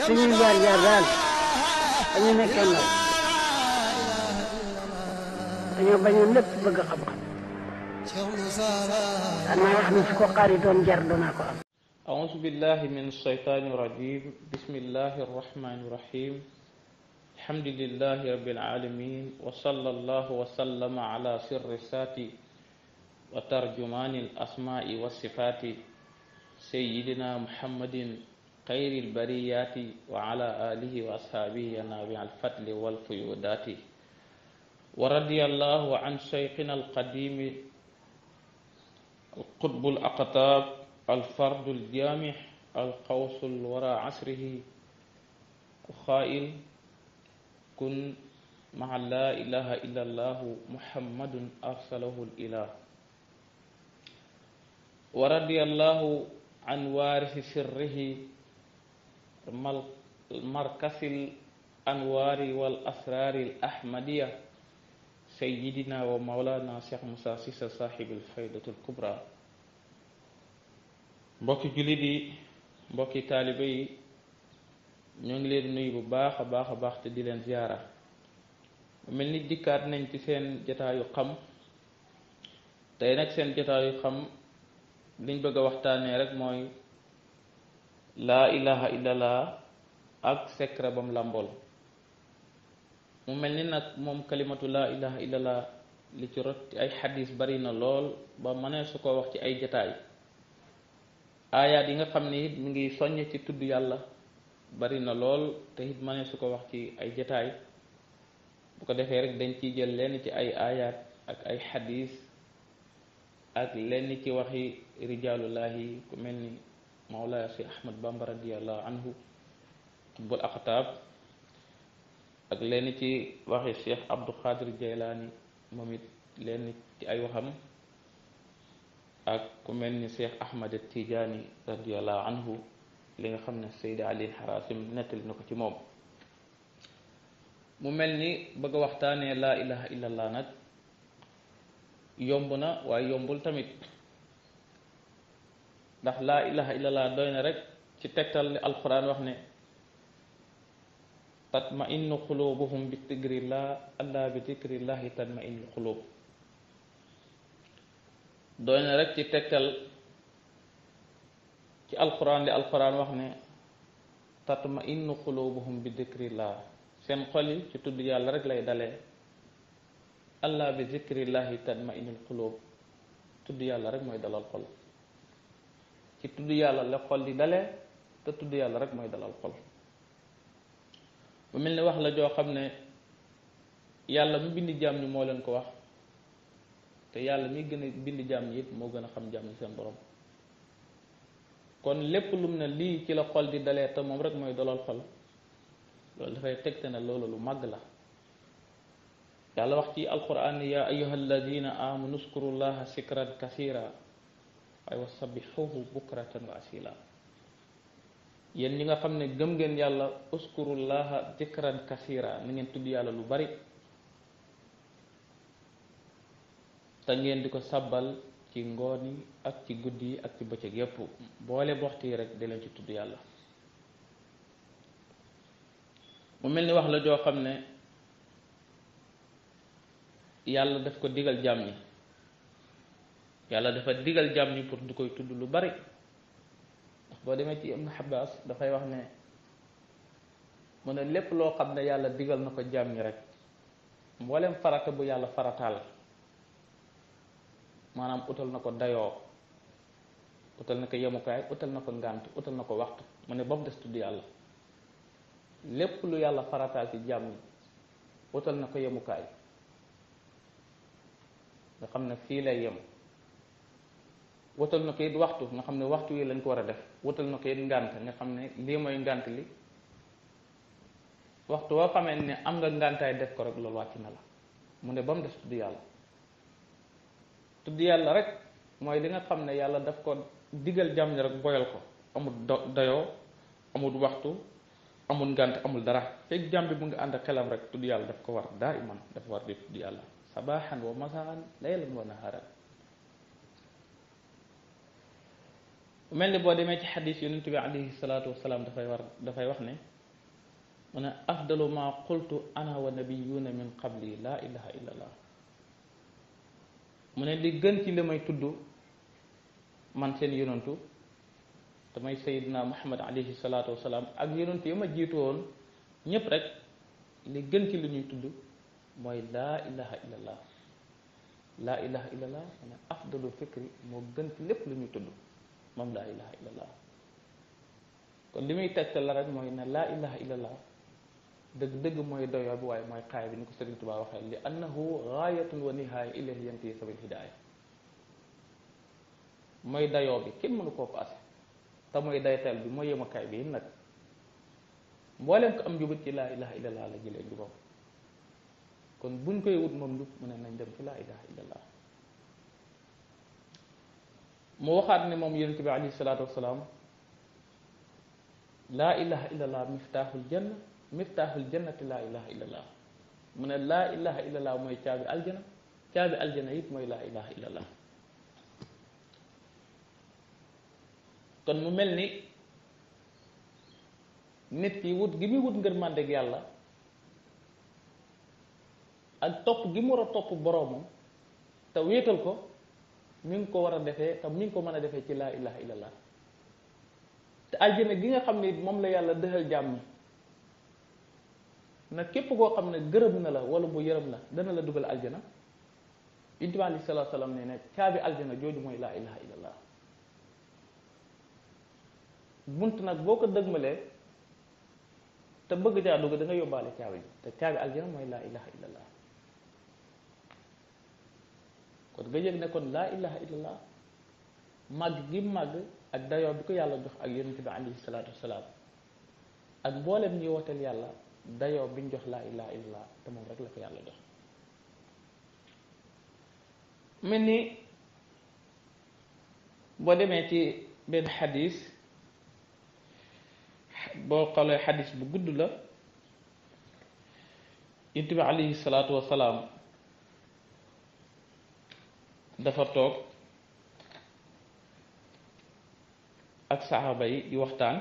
يا أنا بني نت بقى قبقى أنا أعوذ بالله من الشيطان الرجيم بسم الله الرحمن الرحيم الحمد لله رب العالمين وصلى الله وسلم على سر الساتي وترجمان الأسماء والصفات سيدنا محمد خير البريات وعلى آله وأصحابه نابع الفتل والفيودات ورضي الله عن شيخنا القديم القطب الأقطاب الفرد الجامح القوس الورى عصره قائل كن مع لا إله إلا الله محمد أرسله الإله ورضي الله عن وارث سره ثم المركز الأنوار والأسرار الأحمدية سيدنا ومولانا شيخ موسى سيسا صاحب الفائدة الكبرى mbokki jullit yi mbokki taalibe yi ñoo ngi leen nuyu bu baax a baax a baax te di leen ziyaara mel ni dikkaat nañ ci seen jataayu xam tey nag seen jataayu xam liñ bëgg a waxtaanee rek mooy la ilaha illallah ak secret bam lambol mu melni nak mom kalimatu la ilaha illallah li ci rot ay hadith bari na lol ba mané su ko wax ci ay jotaay Ayat yi nga xamni mi ngi soññ ci tuddu yalla bari na lol te hit mané su ko wax ci ay jotaay bu ko defé rek dañ ci jël lén ci ay ayat ak ay hadith ak lén ci waxi rijalullahi ku melni مولاي يا أخي أحمد بامبر رضي الله عنه طب الأخطاب أقلني وحي الشيخ عبد القادر الجيلاني مميت لينتي أي وهم الشيخ أحمد التيجاني رضي الله عنه لين خمنا السيد علي الحراسم نتل نكتي موم مملني بقى وقتاني لا إله إلا الله نت يومبنا ويومبل تميت ndax la ilaha illallah doy na rek ci tektal ni alquran wax ne tatma qulubuhum bi digrillah allah bi digrillahi tatma innu qulub doy na rek ci tektal ci alquran li alquran wax ne tatma qulubuhum bi digrillah seen xol yi ci tuddu yàlla rek lay dalé allah bi digrillahi tatma innul qulub tuddu yàlla rek moy dalal xol ci tuddu yàlla la xol di dalee te tuddu yàlla rek mooy dalal xol bu mel ni wax la joo xam ne yàlla mu bind jaam ñi moo leen ko wax te yàlla mi gën a bind jaam ñi it moo gën a xam jaam ñi seen borom kon lépp lum ne lii ci la xol di dalee te moom rek mooy dalal xol loolu dafay tegte ne loolu lu mag la yàlla wax ci alquran ya ayuha alladina amanu skuru llaha sikran kasira waaye wasabbixuhu bukratan wa asila yéen ñi nga xam ne gëm ngeen yàlla uskurullaha dikran kasira na ngeen tudd yàlla lu bari te ngeen di ko sabbal ci ngoon yi ak ci guddi yi ak ci bëccëg yépp boole waxtu yi rek di leen ci tudd yàlla mu mel ni wax la joo xam ne yàlla daf ko digal jaam ñi yalla ya, dafa digal jam ñu pour itu ya ya iya tuddu lu bari ndax boo demee ci habbas da fay wax né mu digal nako jam jàmm ñi rek mbolem farata bu yalla faratal manam utal nako dayo utal nako yamukay utal nako ngant utal nako waxtu mu ne ba mu des tudd yàlla lu yalla faratal ci jam ñi utal na yamukay nga lay wotal na ko it waxtu nga xamne waxtu yi lañ ko wara def wotal na ko it ngànt nga xamne li moy ngant li waxtu wa am nga ngantay def ko rek lolou wàcc na la mu ne bam def tuddu yalla tuddu yalla rek moy li nga xamne yalla daf ko digal jamm rek boyal ko amul dayo amul waxtu amul ngant amul dara fek jamm bi mu nga and xelam rek tuddu yalla daf ko war daiman iman war di tuddu yalla sabahan wa masaan laylan wa naharan mel ni boo demee ci xadis yonent bi alayhi salaatu wasalaam dafay war dafay wax ne mu ne afdalu ma qultu ana wa nabiyuuna min qabli laa ilaha illa allah mu ne li gën ci li may tudd man seen yonantu damay sayidina muhammad alayhi salaatu wasalaam ak yonantu yi ma jiitu woon ñépp rek gën ci li ñuy tudd mooy laa moo gën ci lépp lu ñuy tudd moom laa ilaha illallah kon li muy tegtal la rek mooy ne laa ilaha illallah dëgg dëgg mooy doyoo bi waaye mooy xaay bi ni ko Sëriñ Tuubaa waxee li annahu gaayatun wa nihaaya ilayhi yantahi sabil hidaaya mooy dayoo bi kenn mënu koo paase te mooy dayteel bi mooy yemakaay bi nag mbooleem ko am jubut ci laa ilaha illallah la jëlee jubam kon buñ koy wut moom njub mu ne nañ dem ci laa ilaha illallah mu waxaat ne moom yonent bi alayhi salatu wasalaam la ilaha illallah miftahul janna miftahul jannati la ilaha illallah mu ne la ilaha illallah mooy caabi aljana caabi aljana yit mooy la ilaha illallah kon mu mel ni nit ki wut gi muy wut ngërmandeg yàlla ak topp gi mu war a topp boroomam te wéetal ko mi ngi ko war a defee te mi ngi ko mën a defee ci laa ilaha illallah te àjjana gi nga xam ne moom la yàlla dëxal jàmm nag képp koo xam ne gërëm na la wala bu yërëm la dana la dugal aljana yonent bi aleyhi salaatu salaam ne ne caabi aljana jooju mooy laa ilaha illallah bunt nag boo ko dëgmalee te bëgg caa dugg da nga yóbbaale caabi te caabi aljana mooy laa ilaha illallah kon nga yëg ne kon laa ilaha illallah màgg gi màgg ak dayoo bi ko yàlla jox ak yonent bi alayhi salaatu wasalaam ak mboolem ñi wooteel yàlla dayoo biñ jox laa ilaha illallah te moom rek la ko yàlla jox mel ni boo demee ci benn xadis boo xoolee xadis bu gudd la yonent bi alayhi salaatu wasalaam dafa toog ak saxaba yi di waxtaan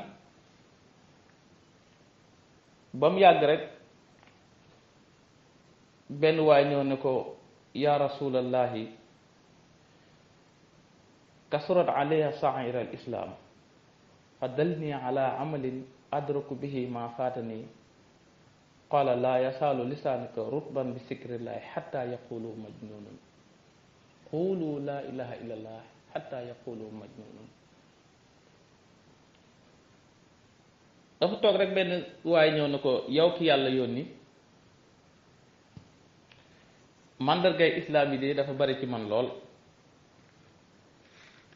ba mu يا رسول الله waay ñëw ne ko كسرت عليها صعير الإسلام فدلني على عمل أدرك به ما فاتني قال لا يسال لسانك رطبا بسكر الله حتى يقول مجنون qulu laa ilaha illa allah xatta yaqulu majnunun dafa toog rek benn waaye ñëw na ko yow ki yàlla yónni màndargay islaam yi de dafa bari ci man lool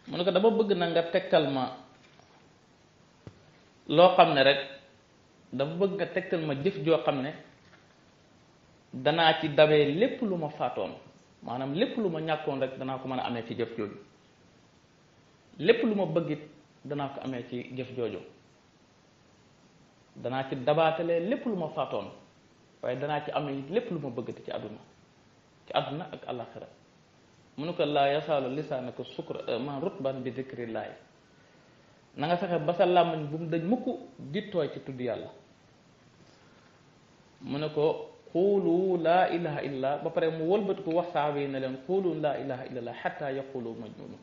mu ne ko dama bëgg na nga tegtal ma loo xam ne rek dafa bëgg nga tegtal ma jëf joo xam ne danaa ci dabee lépp lu ma faatoon maanaam lépp lu ma ñàkkoon rek danaa ko mën a amee ci jëf jooju lépp lu ma bëggit danaa ko ame ci jëf jooju danaa ci dabaatale lépp lu ma faatoon waaye danaa ci amee lépp lu ma bëgg ci àdduna ci àdduna ak àllaaxira mu ne ko laa yasaalu lisaanaka sukra eh, man rutban bi dikrillaahi na nga fexe ba sa làmmiñ bu mu daj mukk di tooy ci tudd yàlla mu ne ko qulu la ilaha illa ba pare mu ko wax saaba na len qulu la ilaha illa hatta yaqulu majnun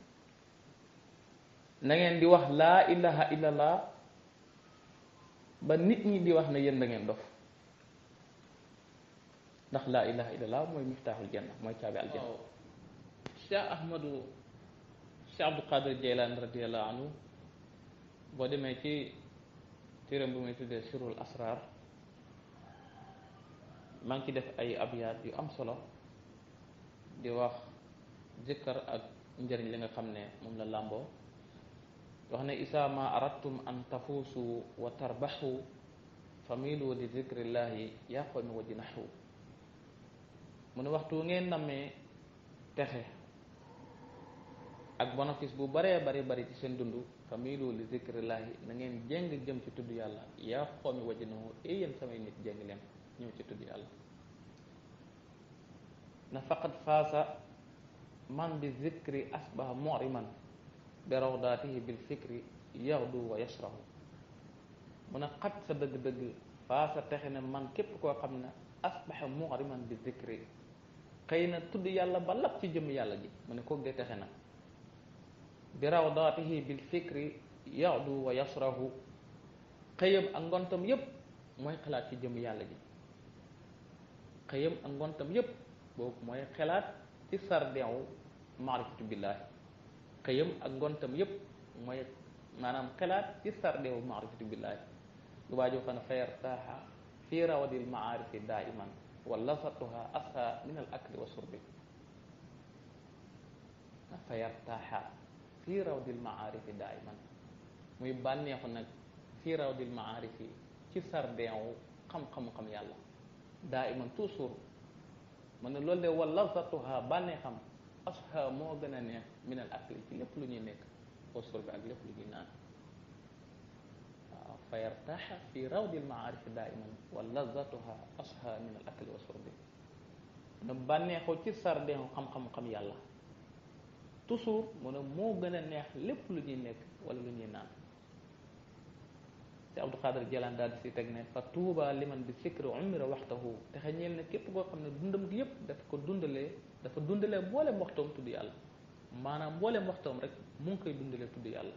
na ngeen di wax la ilaha illa ba nit ñi di wax na yeen da ngeen dof ndax la ilaha illa moy miftahul janna tabi al janna cheikh oh. ahmadou cheikh abdou qadir jilan radiallahu anhu bo demé ci téram bu may tuddee sirul asrar maa ci def ay abiyat yu am solo di wax zikkar ak njëriñ li nga xam ne moom la làmboo wax ne ma aratum an tafuusu wa tarbaxu familu di zikrillahi yaa wa jinaxu mu ne waxtu ngeen nammee texe ak bonofis bu bare bare bare ci seen dund familu li zikrillahi na ngeen jeng jëm ci tudd yàlla yaa wa jinaxu ee eh yéen samay nit jeng leen ñëw ci tudd yàlla nafaqat fasa man bizikri asbaha mu'riman rawdatihi bil fikri yaghdu wa yashrahu mun qad xat sa dëgg-dëgg man kep ko xamna asbaha mu'riman bi zikri xeyna tudd yalla ba lap ci jëm yalla ji ko de bi rawdatihi bil fikri yaghdu wa yashrahu xeyam ak ngontam yépp moy xalaat ci jëm yalla ji xeyam ak ngontam boobu mooy xelaat ci sardewu maarifatu billaahi xëyam ak ngontam yépp mooy maanaam xelaat ci sardewu maarifatu billaahi lu waa joo xam ne fayar saaha fi rawadil maarifi daiman wa lazatuha asha min al akli wa surbi fayartaha fi rawdil maarifi daiman muy bànneexu nag fi rawdil maarifi ci sardewu xam-xam-xam yàlla daiman toujours من اللول دي ولرثتها بانيخم أصحى موغنا نيخ من الأكل يقول لني نيك وصول بعد يقول آه، فيرتاح في رود المعارف دائما ولذتها أصحى من الأكل والشرب نباني خوتي سار ديهم خم خم خم يالله تصور من موغنا نيخ لفلو نيك ولو نيك عبد القادر جلال دار سي تك نه فتوبا لمن بالذكر عمر وقته تخنيل نه كيب كو خامني دوندم غي ييب دا فكو دوندلي دا فا دوندلي مبولم وقتوم تودي يالا مانام مبولم وقتوم رك مونكاي دوندلي تودي يالا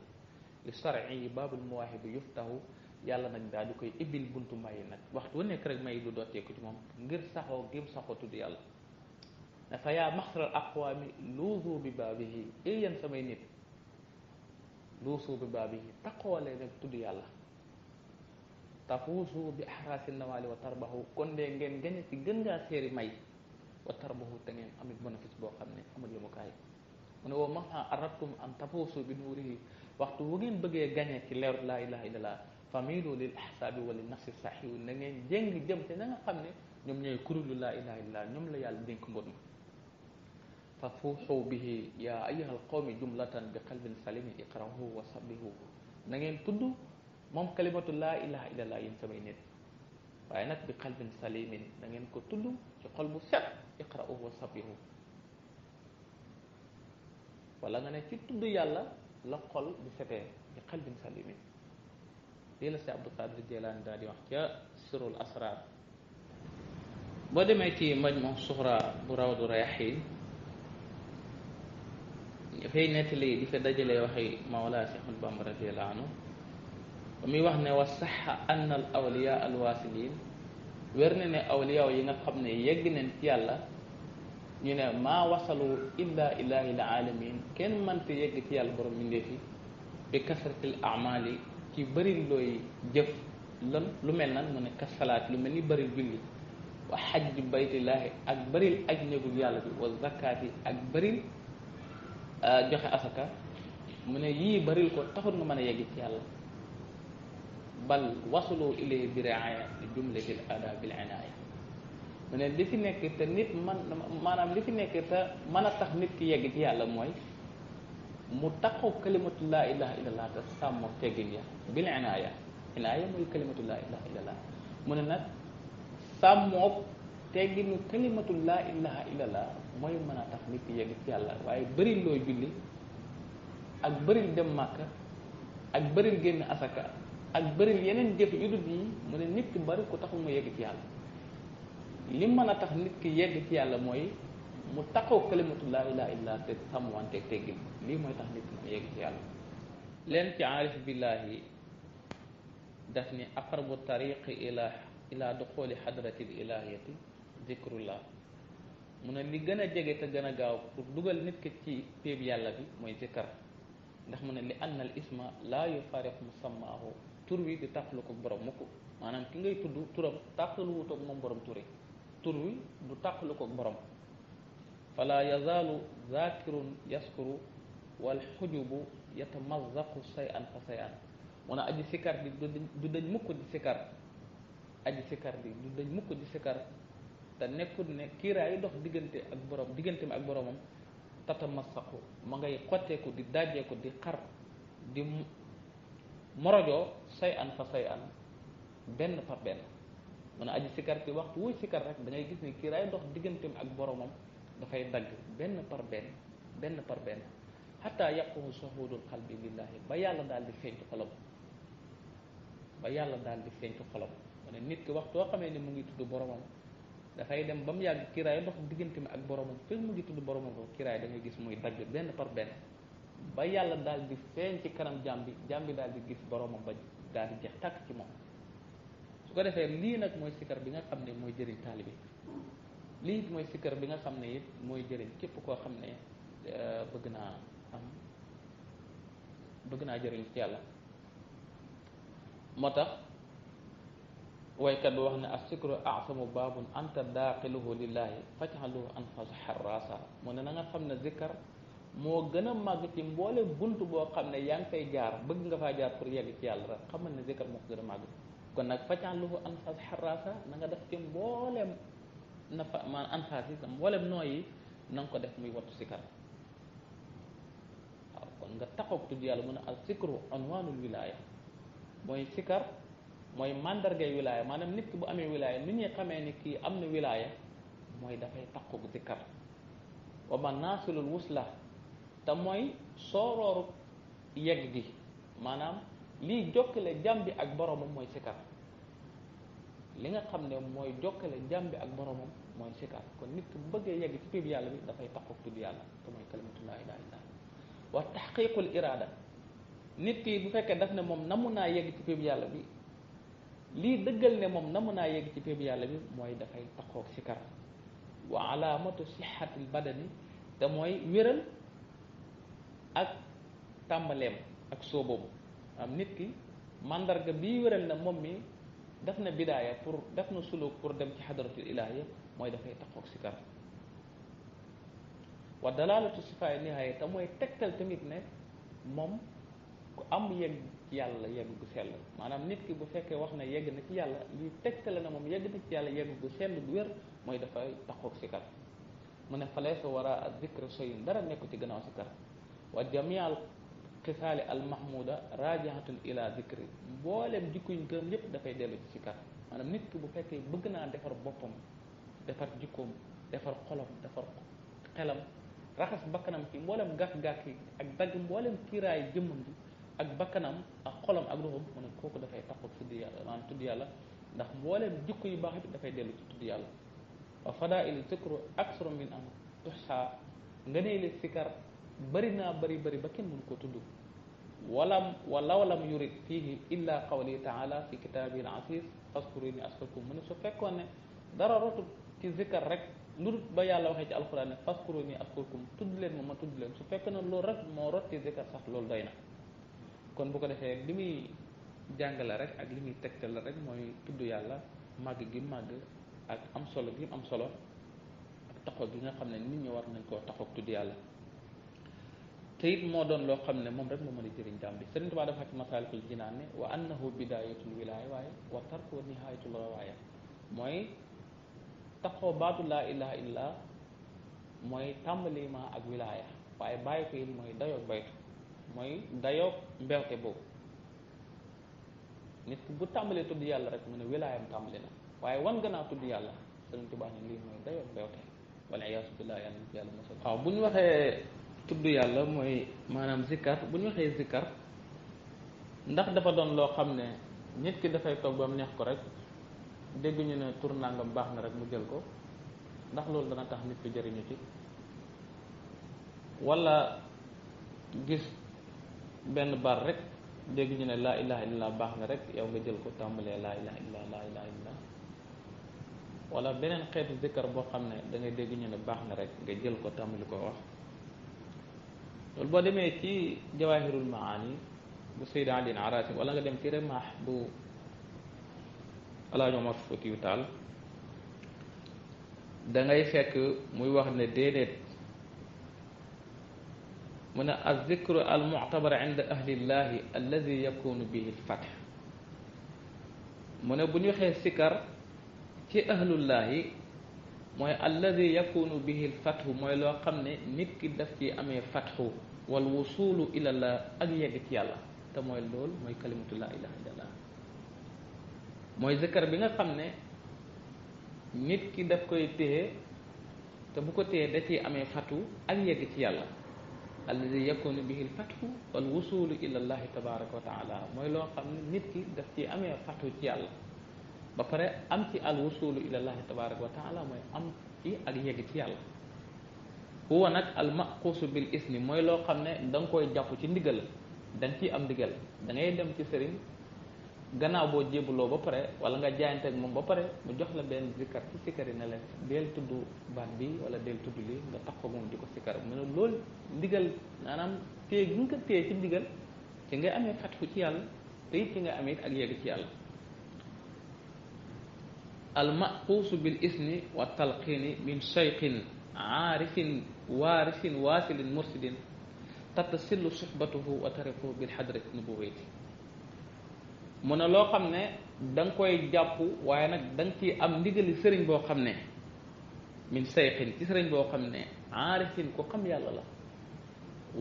لشرعي باب المواهب يفتح يالا نك دا دوكاي ابيل بونتو ماي نك وقت ونيك رك ماي دو دوتي كو تي موم غير ساخو غيم ساخو تودي يالا فيا مخر الاقوام لوذو ببابه اي ين سمي نيت لوصو ببابه تقوى لنك تودي يالا tafuusu bi ahrasi nawali wa tarbahu kon de ngeen gañe ci gën ngaa séeri may wa tarbahu te ngeen amit bénéfice boo xam ne amul yemukaay mu ne woo maha arabtum an tafuusu bi nuurihi waxtu wu ngeen bëggee gañe ci leeru laa ilaha illallah familu lil ahsaabi wa li nafsi sahiwu na ngeen jéng jëm ci na nga xam ne ñoom ñooy kuréelu laa ilaha illallah ñoom la yàlla dénk mbon ma fa fuuxu bihi yaa ayyuhal qawmi jumlatan bi qalbin salimi iqrahu wa sabbihu na ngeen tudd mom kalimatu la ilaha illallah yim samay nit waye nak bi qalbin salimin da ngeen ko tudd ci qalbu bu set iqra'uhu wa sabihu wala nga ne ci tuddu yàlla la xol bi setee bi qalbin salimin lii la si Abdul Qadir Jeylaani daal di wax ci sirul asrar bo demé ci majmu moom bu rawdu rayhin rayaxiin dafay nettali di fa dajale waxi Mawlaa cheikhul Bamba radiyallaahu anhu mi wax ne wa saxa ann al awliya al wasilin werne ne awliya yi nga xamne yegg nañ ci yàlla ñu ne ma wasalu illa ilahi al alamin ken man te yegg ci yàlla borom minde fi bi kasrati l amali ci bari loy jëf lan lu mel nan mu ne kasalaat lu melni bari julli wa hajj bayti baytillahi ak bari al ajnabu yàlla bi wa zakati ak bari joxe asaka mu ne yi bari ko taxul nga mëna yegg ci yàlla bal wasuloo ilayhi bi riaya li jumlatil ada bil inaaya mu ne li fi nekk te nit man maanaam li fi nekk te mën a tax nit ki yegg ci yàlla mooy mu taxaw kalimatu laa ilaha illallah te sàmmo teggin ya bil inaaya inaaya mooy kalimatu laa ilaha illallah mu ne nag sàmmoog tegginu kalimatu laa ilaha illallah mooy mën a tax nit ki yegg ci yàlla waaye bëri looy julli ak bëril dem màkk ak bëril génn asaka ak bëri yeneen jëf yu dul yi mu ne nit ki bëri ko taxul mu yegg ci yàlla li mën a tax nit ki yegg ci yàlla mooy mu taxaw kalimatu laa ilaaha illa te sàmmwante teggin lii mooy tax nit ki mu yegg ci yàlla leen ci aarif billaahi daf ni aqrabu tariqi ila ila duxuli xadratil ilaahiyati zikrullah mu ne li gën a jege te gën a gaaw pour dugal nit ki ci péeb yàlla bi mooy zikkar ndax mu ne li anna al isma laa yufaariqu musammaahu tur wi di tàqalu ko borom mukk maanaam ki ngay tudd turam tàqalu wut ak borom ture tur wi du tàqalu ko borom fala yazalu zakirun yaskuru wal xujubu yatamazaqu say an fa say an mu ne aji sikar di du dañ mukk di sikar aji sikar di du dañ mukk di sikar te nekkul ne kiiraayu dox diggante ak borom diggante ak boromam tatamassaqu ma ngay xotteeku di daajeeku di xar di morojo say an fa say an ben fa ben mën aji sikar ci waxtu wuy sikar rek da ngay gis ni ki ray dox digganteem ak boromam fay dag ben par ben ben par ben hatta yaqumu shuhudul qalbi lillahi ba yalla dal di fenc ci xolam ba yalla dal di fenc ci xolam mu nit ki waxtoo xamé ni mu ngi tudd boromam fay dem bam yag ki ray dox digganteem ak boromam fekk mu ngi tudd boromam ko ray da ngay gis muy dag ben par ben ba yàlla daal di feeñ ci kanam jaam bi jaam daal di gis boromam ba daal di jeex tàkk ci moom su ko defee lii nag mooy sikkar bi nga xam ne mooy jëriñ taalibe lii it mooy sikkar bi nga xam ne it mooy jëriñ képp koo xam ne euh, bëgg naa am naa jëriñ ci yàlla moo tax waykat bi wax ne as-sikru a'zamu baabun anta daaxiluhu mu ne na xam ne zikkar mo gëna mag ci mbolé buntu bo xamné yang fay jaar bëgg nga fa jaar pour yegg ci yalla rek zikar moo ko gën a màgg lu ko fas harasa na nga def ci na nafa man an fas ci mbolé noy na nga ko def muy wattu kon nga taxoog tudd yàlla mun a al sikru anwaanul wilaaya mooy sikar mooy mandargay wilaya manam nit ki bu amé wilaya nit ñi xamé ni kii am na wilaaya mooy dafay taxoog sikar wa man naasulul wusla te mooy soorooru yegg gi maanaam lii jokkale jàmm bi ak boromam mooy sikar li nga xam ne mooy jokkale jàmm bi ak boromam mooy sikar kon nit ku bëggee yegg ci tudd yàlla bi dafay taxaw tudd yàlla te mooy kalimatullaa ilaaha illallaah wa taxqiqul iraada nit ki bu fekkee daf ne moom namu naa yegg ci tudd yàlla bi lii dëggal ne moom namu naa yegg ci tudd yàlla bi mooy dafay taxaw sikar wa alaamatu sixatil badani te mooy wéral ak tàmbaleem ak sóoboom am nit ki mandarga bii wéral na moom mi def na bidaaya pour def na suluk pour dem ci xadaratul ilaahiya mooy dafay taxoog sikar wa dalalatu sifaay nihaaya te mooy tegtal tamit ne moom ku am yegg ci yàlla yegg gu sell maanaam nit ki bu fekkee wax na yegg na ci yàlla luy tegtale na moom yegg na ci yàlla yegg gu sell bu wér mooy dafay taxoog sikar mu ne falaysa wara a zikr soyun dara nekku ci gannaaw sikar وجميع الكثال المحمودة راجعة إلى ذكر بولم جيكو ينتم يب دفعي ديلو جيكا أنا منك بفاك بغنا دفر بطم دفر جيكوم دفر قلم دفر قلم رخص بكنام كي مولم غاك غاكي أك بغ مولم كيراي جمم دي أك بكنام أك قلم أك لهم من كوكو دفعي تقو في ديالة لان تو ديالة ndax mbolem jikko yu bax yi da fay delu ci tuddu yalla wa fada'il zikru aksaru min an bëri naa bëri bari ba kenn mënu ko tudd walam walaw lam yurid fihi illa qawli taala fi kitaabil aziz faskuruni askurkum mu ne su fekkoon ne dara rotu ci zikkar rek lu ba yàlla waxee ci alquran ne faskuruni askurkum tudd leen ma ma tudd leen su fekkoon ne loolu rek moo rot ci zikkar sax loolu doy na kon bu ko defee li muy jàngale rek ak li muy tegtal la rek mooy tudd yàlla màgg gi màgg ak am solo gi am solo ak taxaw gi nga xam ne nit ñi war nañ koo taxaw tudd yàlla te it moo doon loo xam ne moom rek moo mën a jëriñ jaam bi Sëriñ Tuubaa dafa wax ci masaalikul jinaan ne wa annahu waaye wa tarku wa nihayatul rawaaya mooy taxoo mooy tàmbali ma ak waaye bàyyi ko it mooy dayoog baytu mooy dayoog mbewte boobu yàlla rek mu wan gënaa tudd yàlla Sëriñ Tuubaa mooy dayoog mbewte wala iyaasu billaah waxee tuddu yàlla mooy maanaam zikkar bu ñu waxee zikkar ndax dafa doon loo xam ne nit ki dafay toog ba mu neex ko rek dégg ñu ne tour nangam baax na rek mu jël ko ndax loolu dana tax nit ki jëriñu ci wala gis benn bar rek dégg ñu ne laa ilaha illallah baax na rek yow nga jël ko tàmbalee laa ilaha illallah laa ilaha illallah wala beneen xeetu zikkar boo xam ne da ngay dégg ñu ne baax na rek nga jël ko tàmbali ko wax والبلمي تي جواهر المعاني بسيد علي العراسي ولا قدم تير محبوب على عمر فوتي وتعال دا غاي فك موي واخ ن ديدت من الذكر المعتبر عند اهل الله الذي يكون به الفتح من بني خي سكر كي اهل الله mooy alladi yakunu bihi lfathu mooy loo xam ne nit ki daf ci amee fathu wal wusulu ila la ak yegg ci yàlla te mooy loolu mooy kalimatu laa ilaha illallah mooy zikar bi nga xam ne nit ki daf koy téye te bu ko téye da ciy amee fathu ak yegg ci yàlla alladi yakunu bihi lfathu wal wusulu ila llahi tabaraka wa taala mooy loo xam ne nit ki daf ciy amee fathu ci yàlla ba pare am ci al wusulu ilallahi tabaraka wa mooy am ci ak yegg ci yàlla huwa nag al maquusu bil ismi mooy loo xam ne danga koy jàpp ci ndigal da nga ciy am ndigal da ngay dem ci sëriñ gannaaw boo jébuloo ba pare wala nga jaayante ak moom ba pare mu jox la benn sikkar ci sikkar yi ne la deel tudd baat bi wala deel tudd lii nga tax ko moom di ko sikkar mu ne loolu ndigal maanaam téye gi nga ko ci ndigal ci ngay amee fatfu ci yàlla te it nga amee ak yegg almaxuusu bil isni wa talqini min cheyqin aarifin waarifin waasilin mursidin tatasillu suxbatuhu wa tarifuhu bil xadrati loo xam ne da koy jàpp waaye nag da nga am ndigali sëriñ boo xam ne min sayxin ci sëriñ boo xam ne aarifin ku xam yàlla la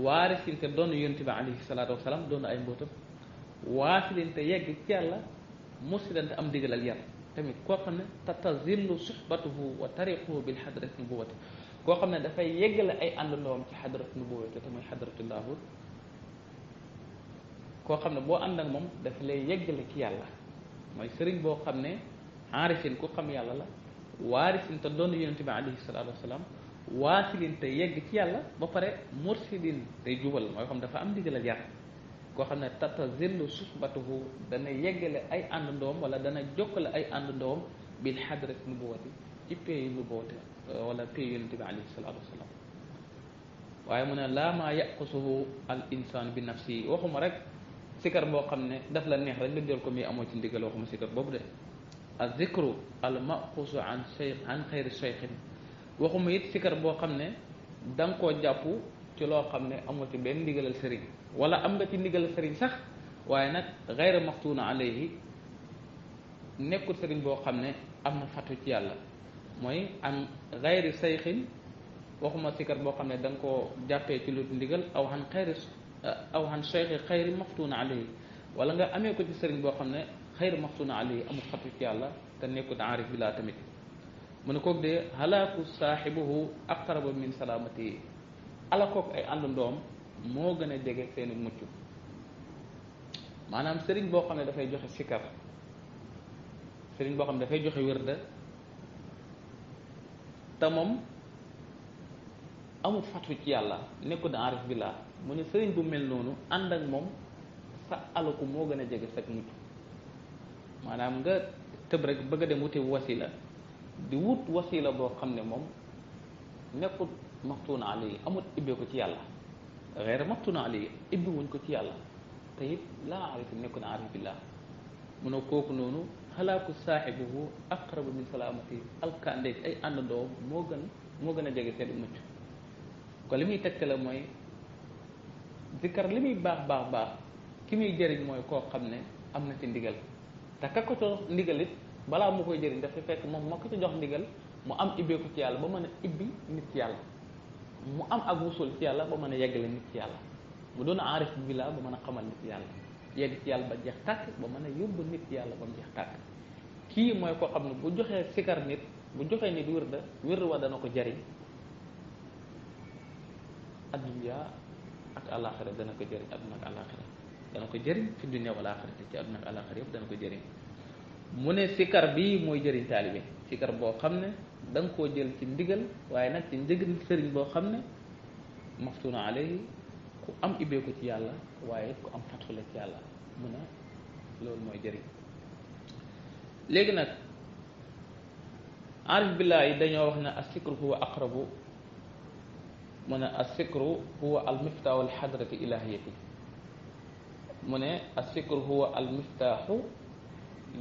waarifin te doon yonent bi alayhi salaatu wasalaam doon ay mbootam waasilin te yegg ci yàlla mursidante am ndigal ak yàlla tamit koo xam ne tatazillu suhbatuhu wa tariquhu bil xadrati nubuwati koo xam ne dafay yeggale ay àndandoom ci xadrati nubuwati te mooy xadratu laahut koo xam ne boo ànd ak moom daf lay yeggale ci yàlla mooy sëriñ boo xam ne aarifin ku xam yàlla la waarisin te doon yonent bi alayhi salaatu wasalaam waasilin te yegg ci yàlla ba pare mursidin day jubal mooy xam dafa am ndigal ak yar koo xam ne tata zillu suhbatuhu dana yeggale ay àndandoom wala dana jokkale ay àndandoom bil xadrat nubuwati ci peeyu nubuwati wala peeyu yonente bi alayhi salatu wasalaam waaye mu ne laa maa yaqusuhu al insan bi nafsi waxuma rek sikar boo xam ne daf la neex rek nga jël ko mi amoo ci ndigal waxuma sikar boobu de al zikru al maqusu an cheikh an xayri cheikhin waxuma it sikar boo xam ne da nga koo jàpp ci loo xam ne amoo ci benn ndigalal sëriñ wala am nga ci ndigal sëriñ sax waaye nag xayra maxtuuna alayhi nekkul sëriñ boo xam ne am na fatu ci yàlla mooy am xayri sayxin waxuma sikar boo xam ne da nga koo jàppee ci lu ndigal aw xan xayri aw xan sayxi xayri maxtuuna alayhi wala nga amee ko ci sëriñ boo xam ne xayri maxtuuna alayhi amul fatu ci yàlla te nekkul aarif bi laa tamit mu ne kook de halaaku saaxibuhu aqraba min salaamati ala kook ay àndandoom moo gën a jege seeni mucc maanaam sëriñ boo xam ne dafay joxe sikar sëriñ boo xam ne dafay joxe wérda te moom amul fatu ci yàlla nekkul arif bi laa mu sëriñ bu mel noonu ànd ak moom sa alaku moo gën a jege sag mucc maanaam nga tëb rek bëgg a dem wuti wasila di wut wasila boo xam ne moom nekkul maxtuun ali amul ibbee ko ci yàlla xeera maxtu na ali ibbi wuñ ko ci yàlla te it laa arif nekkun arif billah mu kooku noonu xalaaku saaxibuhu aqrabu min salaamati ay àndandoo moo gën moo gën a jege seenu li muy tegte la mooy zikkar li muy baax baax baax jëriñ mooy koo xam ne am na ci ndigal te ka ko jox balaa mu koy jëriñ dafa fekk moom moo ci jox ndigal mu am ibbeeku ci yàlla ba mën a ibbi nit ci yàlla mu am ak wusul ci yàlla ba mën a yeggale nit ci yàlla mu doon aarif billah ba mën a xamal nit ci yàlla yegg ci yàlla ba jeex tàkk ba mën a yóbbu nit ci yàlla ba mu jeex tàkk kii mooy koo xam ne bu joxee sikar nit bu joxee nit wirda wirda wa dana ko jariñ adduniya dana ko jëriñ adduna ak àllaaxira dana ko jëriñ fi dunya wal aaxira te ci adduna ak àllaaxira yëpp dana ko jëriñ mu ne sikar bi mooy jëriñ taalibe sikar boo xam ne da nga koo jël ci ndigal waaye nag ci njëgal sëriñ boo xam ne maftuna alayhi ku am ibbeeku ci yàlla waaye ku am fatxu la ci yàlla mun a loolu mooy jëriñ léegi nag arif billaa yi dañoo wax ne asikru huwa aqrabu mu ne asikru huwa almiftaahu alxadrati ilahiyati mu ne asikru huwa almiftaahu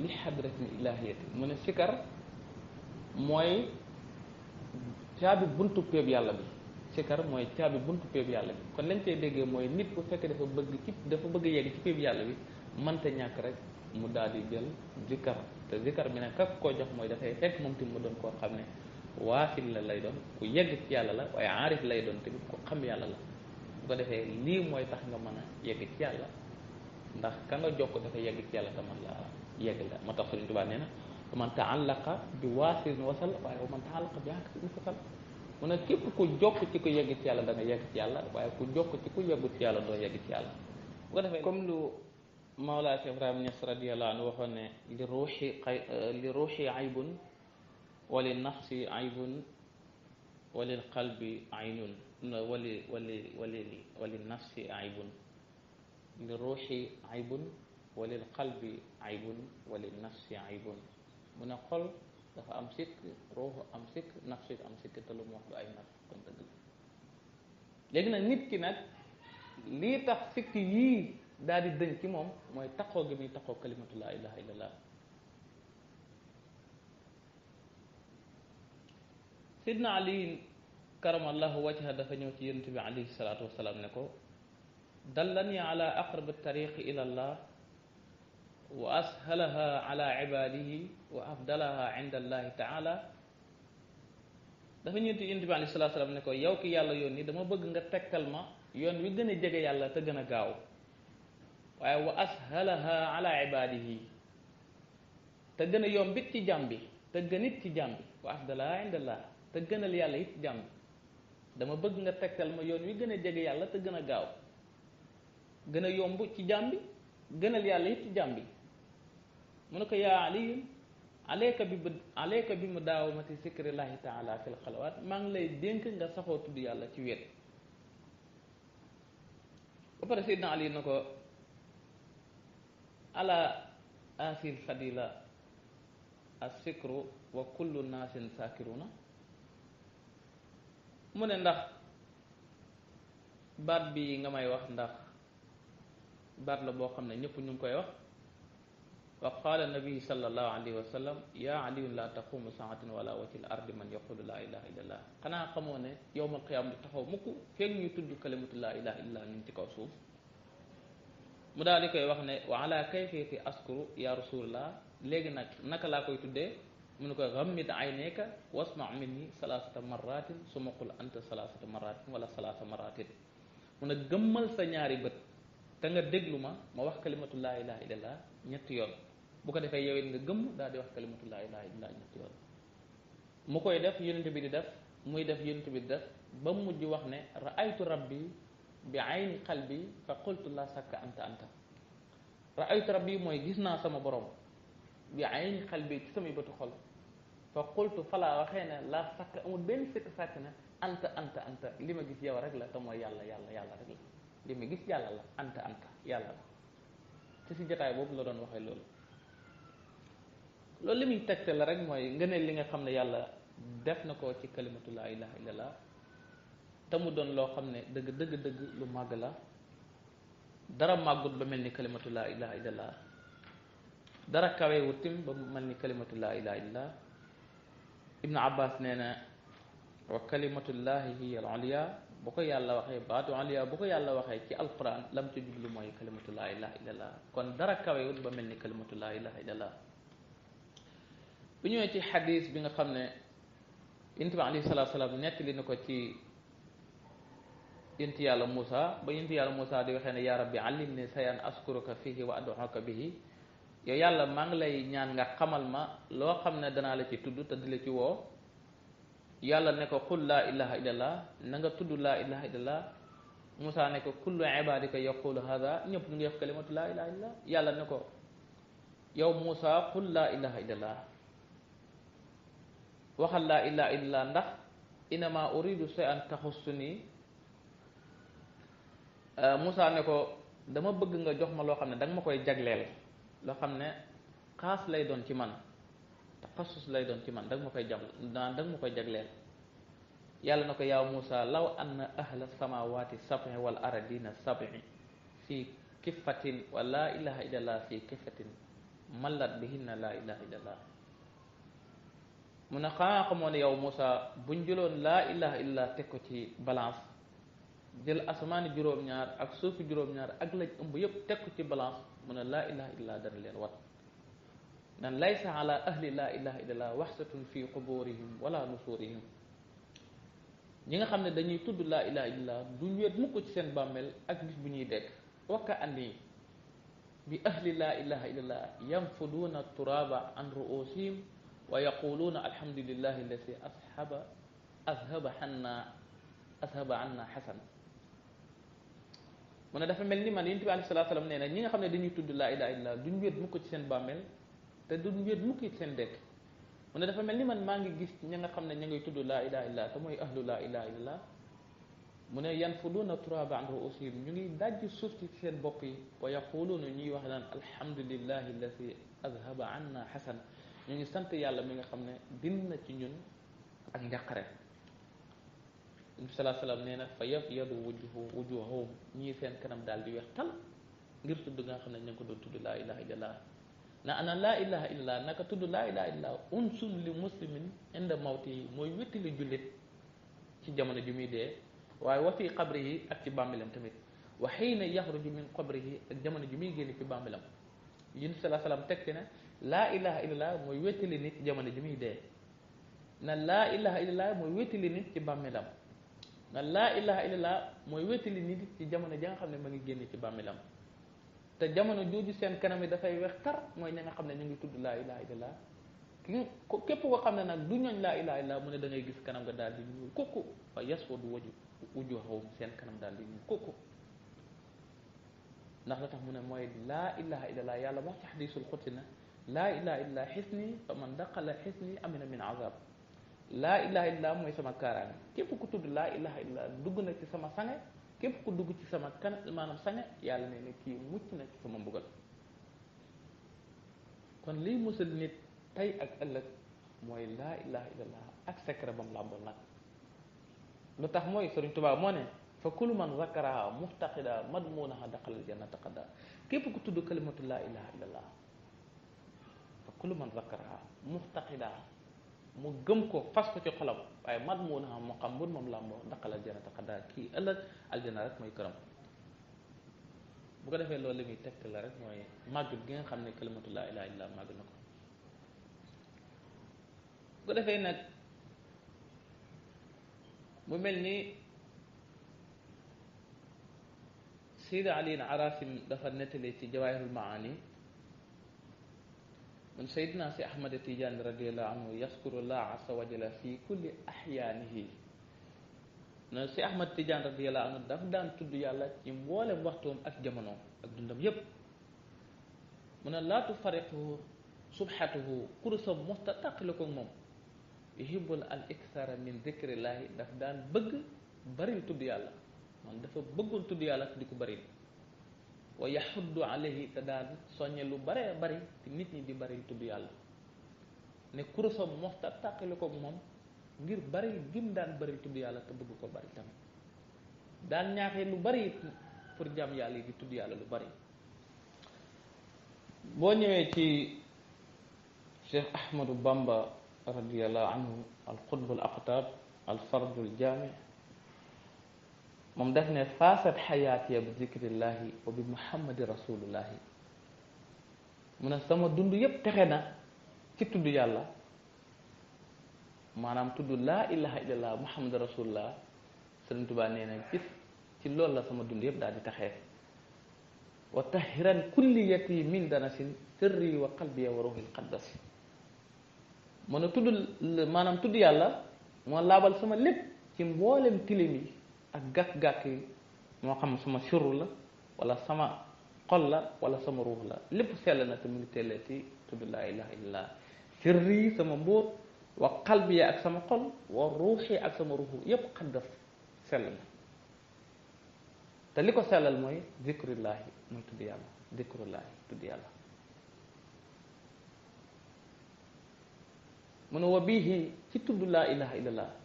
li xadratin ilahiyati mu ne sikar mooy caabi buntu péeb yàlla bi sikar mooy caabi buntu péeb yàlla bi kon lañ cey déggee mooy nit bu fekkee dafa bëgg ci dafa bëgg yegg ci péeb yàlla bi mënta ñàkk rek mu dal di jël zikkar te zikkar bi nag kak koo jox mooy dafay fekk moom ti mu doon koo xam ne waasil la lay doon ku yegg ci yàlla la waaye aarif lay doon tamit ku xam yàlla la bu ko defee lii mooy tax nga mën a yegg ci yàlla ndax ka nga jox ko dafa yegg ci yàlla te man la yegg la moo tax Sëriñ na ومن تعلق بواسر وصل ومن تعلق بهكذا وصل من كيف كو جوك تي كو ييغي تي الله دا ييغي تي الله واي كو جوك تي كو ييغو تي الله دو ييغي تي الله بو دافاي كوم لو مولا شيخ ابراهيم نصر رضي الله عنه وخون ني لروحي لروحي عيب وللنفس عيب وللقلب عين ولي ولي ولي وللنفس عيب لروحي عيب وللقلب عيب وللنفس عيب mu ne xol dafa am sikk ruuxu am sikk nafsu am sikk te lu mu wax du ay naf kon dëgg la léegi nag nit ki nag lii tax sikk yii daal di dëñ ci moom mooy taxoo gi muy taxoo kalimatu laa ilaha illallah sidna ali karamallahu wajha dafa ñëw ci yonent bi alayhi salaatu wasalaam ne ko dallani ala aqrab tariqi ila allah wa ashalaha ala ibadihi wa afdalaha inda allahi taala dafa ñeenti yonent bi alayhi salaatu salaam ne ko yow ki yàlla yoon ni dama bëgg nga tekkal ma yoon wi gën a jege yàlla te gën a gaaw waaye wa ashalaha ala ibadihi te gën a yombit ci jàmm bi te gënit ci jàmm bi wa afdalaha inda allah te gënal yàlla it jàmm bi dama bëgg nga tekkal ma yoon wi gën a jege yàlla te gën a gaaw gën a yomb ci jàmm bi gënal yàlla it ci jàmm bi mu ne ko yaa aliyun aleyka bi aleyka bi mu daawamati zikrillahi taala fil xalawaat maa ngi lay dénk nga saxoo tudd yàlla ci wet ba pare Seydina Ali na ko ala asil fadila asikru wa kullu naasin saakiruna mu ne ndax baat bi nga may wax ndax baat la boo xam ne ñëpp ñu ngi koy wax وقال النبي صلى الله عليه وسلم يا علي لا تقوم ساعة ولا وجه الأرض من يقول لا إله إلا الله xanaa xamoo ne yowm alqiyaama du taxaw mukk fekk ñu tudd kalimatu laa ilaha illa ñu ci kaw suuf mu daal di koy wax ne wa ala kayfiyati askuru ya rasulullah léegi nag naka laa koy tuddee mu ne ko gammid aynayka wasma minni salaasata marratin suma qul anta salaasata marratin wala salaasa marratin mu ne gëmmal sa ñaari bët te nga déglu ma ma wax kalimatu laa ilaha illallah ñetti yoon bu ko defee yowin nga gëmm daal di wax kalimatu laa ilaaha illa llaah ñetti yoon mu koy def yonent bi di def muy def yonent bi di def ba mujj wax ne raaytu rabbi bi ayni qalbi fa qultu la sakka anta anta raaytu rabbi mooy gis naa sama borom bi ayni qalbi ci samay bëtu xol fa qultu falaa waxee ne la sakka amul benn sikk sàkk ne anta anta anta li ma gis yow rek la te mooy yàlla yàlla yàlla rek la li ma gis yàlla la anta anta yàlla la te si jotaay boobu la doon waxee loolu loolu li muy tegte la rek mooy ngëneel li nga xam ne yàlla def na ko ci kalimatu laa ilaha illallah te mu doon loo xam ne dëgg dëgg dëgg lu màgg la dara màggut ba mel ni kalimatu laa ilaha illallah mel ni kalimatu laa ilaha illallah ibnu abbas nee na wa kalimatullahi hiya al aliya bu yàlla waxee baatu aliya yàlla waxee ci alquran lam ci jublu mooy kalimatu laa ilaha illallah kon dara kawewut ba mel ni kalimatu laa ilaha illallah bu ñëwee ci xadis bi nga xam ne inti bi alayhi salaatu salaam nettali na ko ci yonent yàlla Moussa ba yonent yàlla Moussa di waxee ne yaa rabbi allimni shay'an askuruka fihi wa ad'uka bihi yow yàlla maa ngi lay ñaan xamal ma loo xam ne danaa la ci tudd te la ci woo yàlla ne ko qul laa ilaha illallah na nga tudd laa ilaha illallah Moussa ne ko kullu ibadika yaqulu hada ñëpp ñu ngi laa ilaha illallah yàlla ne ko yow Moussa qul laa ilaha illallah waxal laa illaa illaa ndax inama uridu shay'an taxussuni euh, Moussa ne ko dama bëgg nga jox ma loo xam ne danga ma koy jagleel loo xam ne xaas lay doon ci man taxassus lay doon ci man danga ma koy jam danga ma koy jagleel yàlla na ko yaa Moussa law anna ahla samawati sab'i wal ardina sab'i fii kifatin wa laa ilaha illallah fii kifatin mallat bihinna laa ilaha illallah mu ne xanaa xamoon yow Moussa ilaha illa teg ko ci balance jël asamaani juróom-ñaar ak suufu juróom-ñaar ak lañ ëmb yëpp teg ko ci balance mu ne ilaha illa dana leen wat nan laysa ala ahli laa ilaha illallah waxsatun fi quburihim wala nusurihim ñi nga xam dañuy tudd laa ilaha illallah duñ wéet mukk ci seen bàmmeel ak bis bu ñuy dekk wakka andi bi ahli laa ilaha illallah yanfuduuna turaaba an ruusihim ويقولون الحمد لله الذي أذهب أذهب حنا أذهب عنا حسن من دافا ملني من ينتبه عليه الصلاة والسلام نينا نينا خمنا دين يتود لا إله إلا دون بيد مكت سن بامل تدون بيد مكت سن دك من دافا ملني من مانجي جيس نينا خمنا نينا يتود لا إله إلا تموي أهل لا إله إلا من ينفدون تراب عن رؤوسهم نيجي داج سوف تسير بقي ويقولون نيجي وحدا الحمد لله الذي أذهب عنا حسن ñu sant yàlla mi nga xam ne bind na ci ñun ak njàqare nabi ne nag nee na fa yafyadu wujuhu wujuhum ñii seen kanam daal di weex tal ngir tudd nga xam ne ñu ngi ko doon tudd laa ilaha illallah na ana laa ilaha illallah naka tudd laa ilaha illallah unsun li muslimin inda mawti yi mooy wétti li jullit ci jamono ji muy dee waaye wa fi xabri yi ak ci bàmmilam tamit wa xiina yaxruju min xabri yi ak jamono ju muy génne ci bàmmilam yunus salaa salaam teg ci ne laa ilaha illallah mooy wéttali nit ci jamono ji muy dee na laa ilaha illallah mooy wéttali nit ci bàmmeelam na laa ilaha illallah mooy wéttali nit ci jamono ja nga xam ne ma ngi génn ci bàmmeelam te jamono jooju seen kanam yi dafay weex tar mooy ña xam ne ñu ngi tudd laa ilaha illallah ki képp koo xam ne nag du ñooñ laa ilaha illallah mu ne da gis kanam daal di ñuul kooku waaye yas foo seen kanam daal di ñuul kooku ndax ne mooy laa ilaha illallah yàlla wax ci xadisul xutsi na لا إله إلا حسني فمن دخل حسني أمن من عذاب لا إله إلا مو سما كاران كيف كتب لا إله إلا دغنا في سما سانة كيف كدغ في سما كان ما نم سانة يالني نكي موتنا في سما بغل كون لي مسل نيت تاي اك الله موي لا إله إلا الله اك سكر بام لامبل نك لوتاخ موي سيرن توبا مو ني فكل من ذكرها مفتقدا مضمونها دخل الجنه تقدا كيف كتب كلمه لا اله الا الله كل من ذكرها مفتقدة مجمكو فاسكو في قلب أي مضمونها مقامون مملام دخل الجنة قد كي إلا الجنة رك ما يكرم بقدر في الله لم يتكل لرك ما ما جبين خم نكلمة لا إله إلا ما جنك بقدر في إنك مملني سيد علي عراسي دفن نتلي تجواهر المعاني من سيدنا سي أحمد تيجان رضي الله عنه يذكر الله عز وجل في كل أحيانه na si Ahmad Tidiane radiyallahu anhu daf daan tudd yàlla ci mboolem waxtoom ak jamonoom ak dundam yépp mu ne laa tufariquhu subhatuhu kurusam mosta tàqale ko moom yuhibbul al iksara min zikrillahi daf daan bëgg baril tudd yàlla man dafa bëggoon tudd yàlla di ko baril wa yahuddu alayhi te soñe lu bare bari ci nit ñi di bari tuddu yalla ne kurusam ta tàqali ko mom ngir bari gim daan bari tuddu yalla te bëgg ko bari tam daan ñaaxé lu bari pour jàmm yalla di tuddu yalla lu bari bo ñëwee ci cheikh ahmadu bamba radiyallahu anhu al qutb al aqtab al fard al jami moom def ne faasat xayaatiya bi zikrillahi wa bi muhammadi rasulullahi mu ne sama dund yépp texe na ci tudd yàlla maanaam tudd laa ilaha illallah muhammad rasulullah sëriñ tubaa nee na gis ci loolu la sama dund yépp daal di taxee wa tahiran kulliyati min danasin sirri wa qalbiya wa ruhil qaddasi mu ne tudd maanaam tudd yàlla moo laabal sama lépp ci mboolem tilim yi ak gàkk-gàkk moo xam sama suru la wala sama xol la wala sama ruux la lépp sell na te mu ngi ci tudd laa ilaha illallah sirri yi sama mbóot wa xalbi yi ak sama xol wa ruuxi ak sama ruuxu yépp xaddas sell na te li ko sellal mooy zikrullahi mooy tudd yàlla zikrullahi tudd yàlla mu ne wa tudd laa ilaha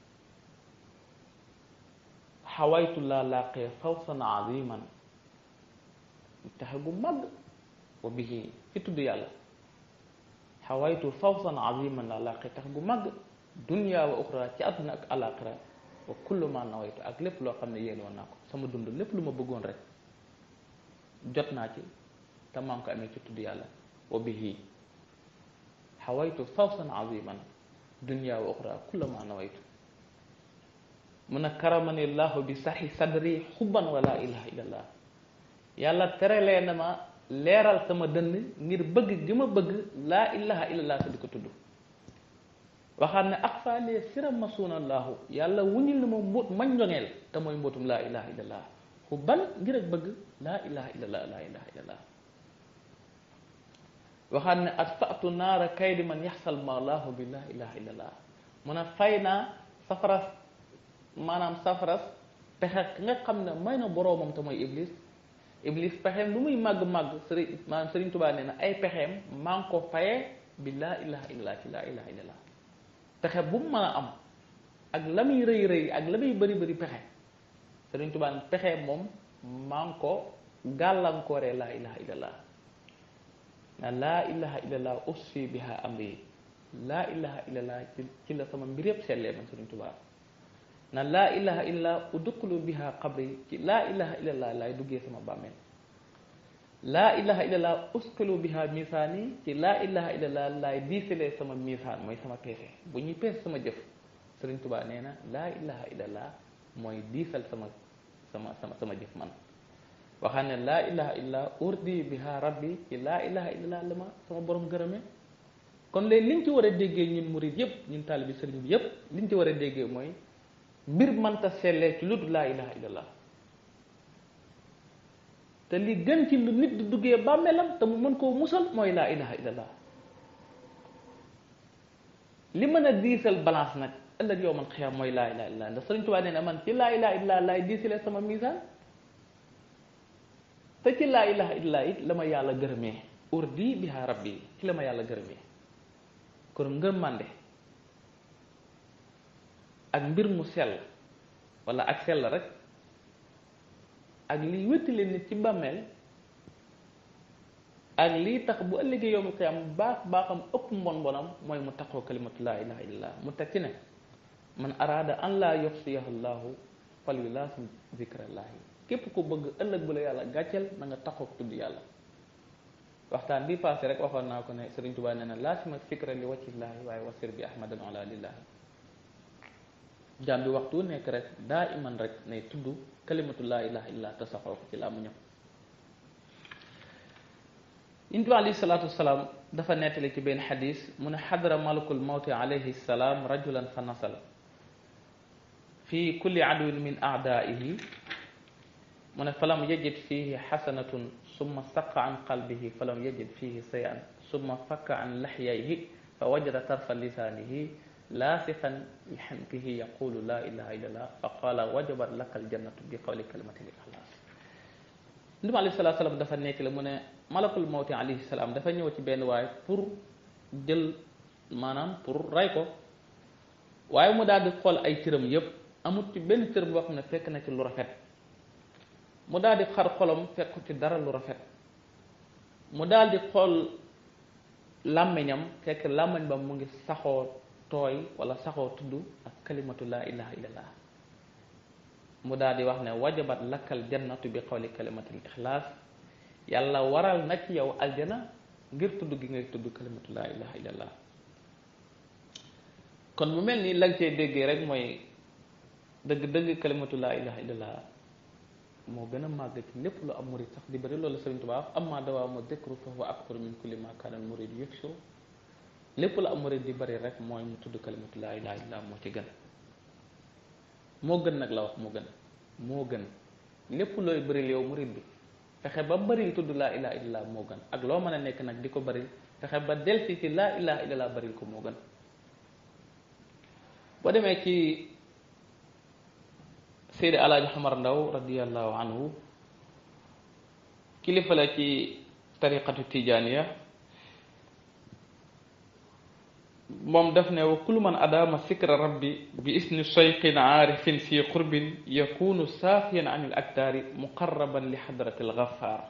xawaytu laa laqee fawsan aziman mu taxe gu mag wa bihi ci tudd yàlla xawaytu fawsan aziman laa laqee taxe mag dunya wa uxra ci àdduna ak alaaxira wa kullu ma nawaytu ak lépp loo xam ne yéen woon sama dund lépp lu ma bëggoon rek jot naa ci te maa ngi amee ci tudd yàlla wa bihi xawaytu fawsan aziman dunya wa uxra kullu ma nawaytu mu ne karamani allahu bi saxi sadri xubban wala ilaha illallah yàlla terelee na ma leeral sama dënn ngir bëgg gi ma bëgg laa ilaha illallah te di ko tudd waxaat ne ak faalee siram masuuna allahu yàlla wuñil na ma mbóot mañ njoŋeel te mooy mbóotum laa ilaha illallah xubban ngir ak bëgg laa ilaha illallah laa ilaha illallah waxaat ne atfatu naara kaydi man yaxsal ma allahu bi laa ilaha illallah mu ne fay naa safara Ma'nam safara pexe nga xamne ne may na iblis iblis pexeem lu muy mag mag serigne manam serigne touba neena ay ilah ilah ilah ko fayé billa ilaha illa la ilaha illa allah pexe bu ma am ak la reuy reuy ak lamuy bari bari pexe serigne touba pexe mom moom ko la ilaha illallah na la ilaha illallah usfi biha amri la ilaha illallah ci la sama mbir yeb selé man serigne touba na laa ilaha illa udxulu biha xabri ci laa ilaha illallah laay duggee sama bàmmeel laa ilaha illallah uskalu biha misaani ci laa ilaha illallah laay diisalee sama misaan mooy sama peese bu ñuy pees sama jëf Sëriñ Tuubaa nee na laa ilaha illallah mooy diisal sama sama sama sama jëf man waxaan laa ilaha illa urdi biha rabbi ci laa ilaha illallah la ma sama borom gërëme kon léegi liñ ci war a déggee ñun murid yëpp ñun taalibi sëriñ bi yëpp liñ ci war a mooy mbir mënta sellee ci lu dul laa ilaha illallah te li gën ci lu nit di duggee bàmmeelam te mu mën koo musal mooy laa ilaha illallah li mën a diisal balance nag ëllëg yow man xiyaam mooy laa ilaha illallah ndax Sëriñ Tuubaa nee na man ci laa ilaha illallah laay diisale sama misaan te ci laa ilaha illallah it la ma yàlla gërëmee urdi biha rabbi ci la ma yàlla gërëmee kon ngëm mànde ak mbir mu sel wala ak sel rek ak li wëti leen ci bàmmeel ak li tax bu ëllëgee yowmu qiyam baax baaxam ëpp mbon mbonam mooy mu taxoo kalimatu laa ilaha illa mu teg ci ne man arada an laa yuxsiyahu llahu fal yu zikra llahi képp ku bëgg ëllëg bu la yàlla gàcceel na nga taxoo tudd yàlla waxtaan bi passé rek waxoon naa ko ne sëriñ tubaa nee na laasima fikra li waccillahi waaye wasir bi ahmadan ala lillahi jaam bi waxtu nekk rek daa iman rek nay tudd kalimatu laa ilaha illa te saxoo ko ci laa mu ñëw yonent bi alayhi salaatu wasalaam dafa nettali ci benn xadis mu ne xadara malakul mawti alayhi salaam rajulan fa nasala fi kulli aduwin min aadaihi mu ne falam yajid fihi xasanatun summa saqa an qalbihi falam yajid fihi sayan summa fakka an laxyayhi fa wajada tarfa lisaanihi لاسفا بحمده يقول لا اله الا الله فقال وجب لك الجنه بقول كلمه الاخلاص نبي عليه الصلاه والسلام دفع نيك لمن ملك الموت عليه السلام دفع نيو تي بن واي بور جيل مانام بور رايكو واي مو داد خول اي تيرم ييب اموت تي بن تيرم بو خنا فك نتي لو رافيت مو داد خار خولم فك تي دار لو رافيت مو داد خول لامنيام فك لامن با موغي ساخو tooy walla saxoo tudd ak kalimatu laa ilaha illallah mu daal di wax ne wajabat lakkal jannatu bi xawli kalimatul ixlaas yàlla waral na yow aljana ngir ngay tudd kalimatu laa kon mu mel ni la cee déggee rek mooy dëgg-dëgg kalimatu laa ilaha illallah moo gën a màgg ci lépp lu am murid sax di bëri loolu Sëriñ Tuubaa amma dawaa mu dikru fa huwa akbar min kulli ma kaana murid yëg lepp la am murid di bari rek moy mu tuddu kalimatu la ilaha illa mo ci gën mo gën nak la wax mo gën mo gën lépp looy bëril yow murid bi fexé ba bari tuddu la ilaha illa mo gën ak lo meuna nek nak diko bari fexé ba delsi ci la ilaha illa bari ko mo gën bo demee ci sayyid alaaji xamar ndaw radiyallahu anhu kilifa la ci tariqatu tijaniya moom daf ne wa kullu man adama sikra rabbi bi isni shayqin aarifin fi qurbin yakunu saafiyan anil aktaari muqarraban li hadrati alghaffar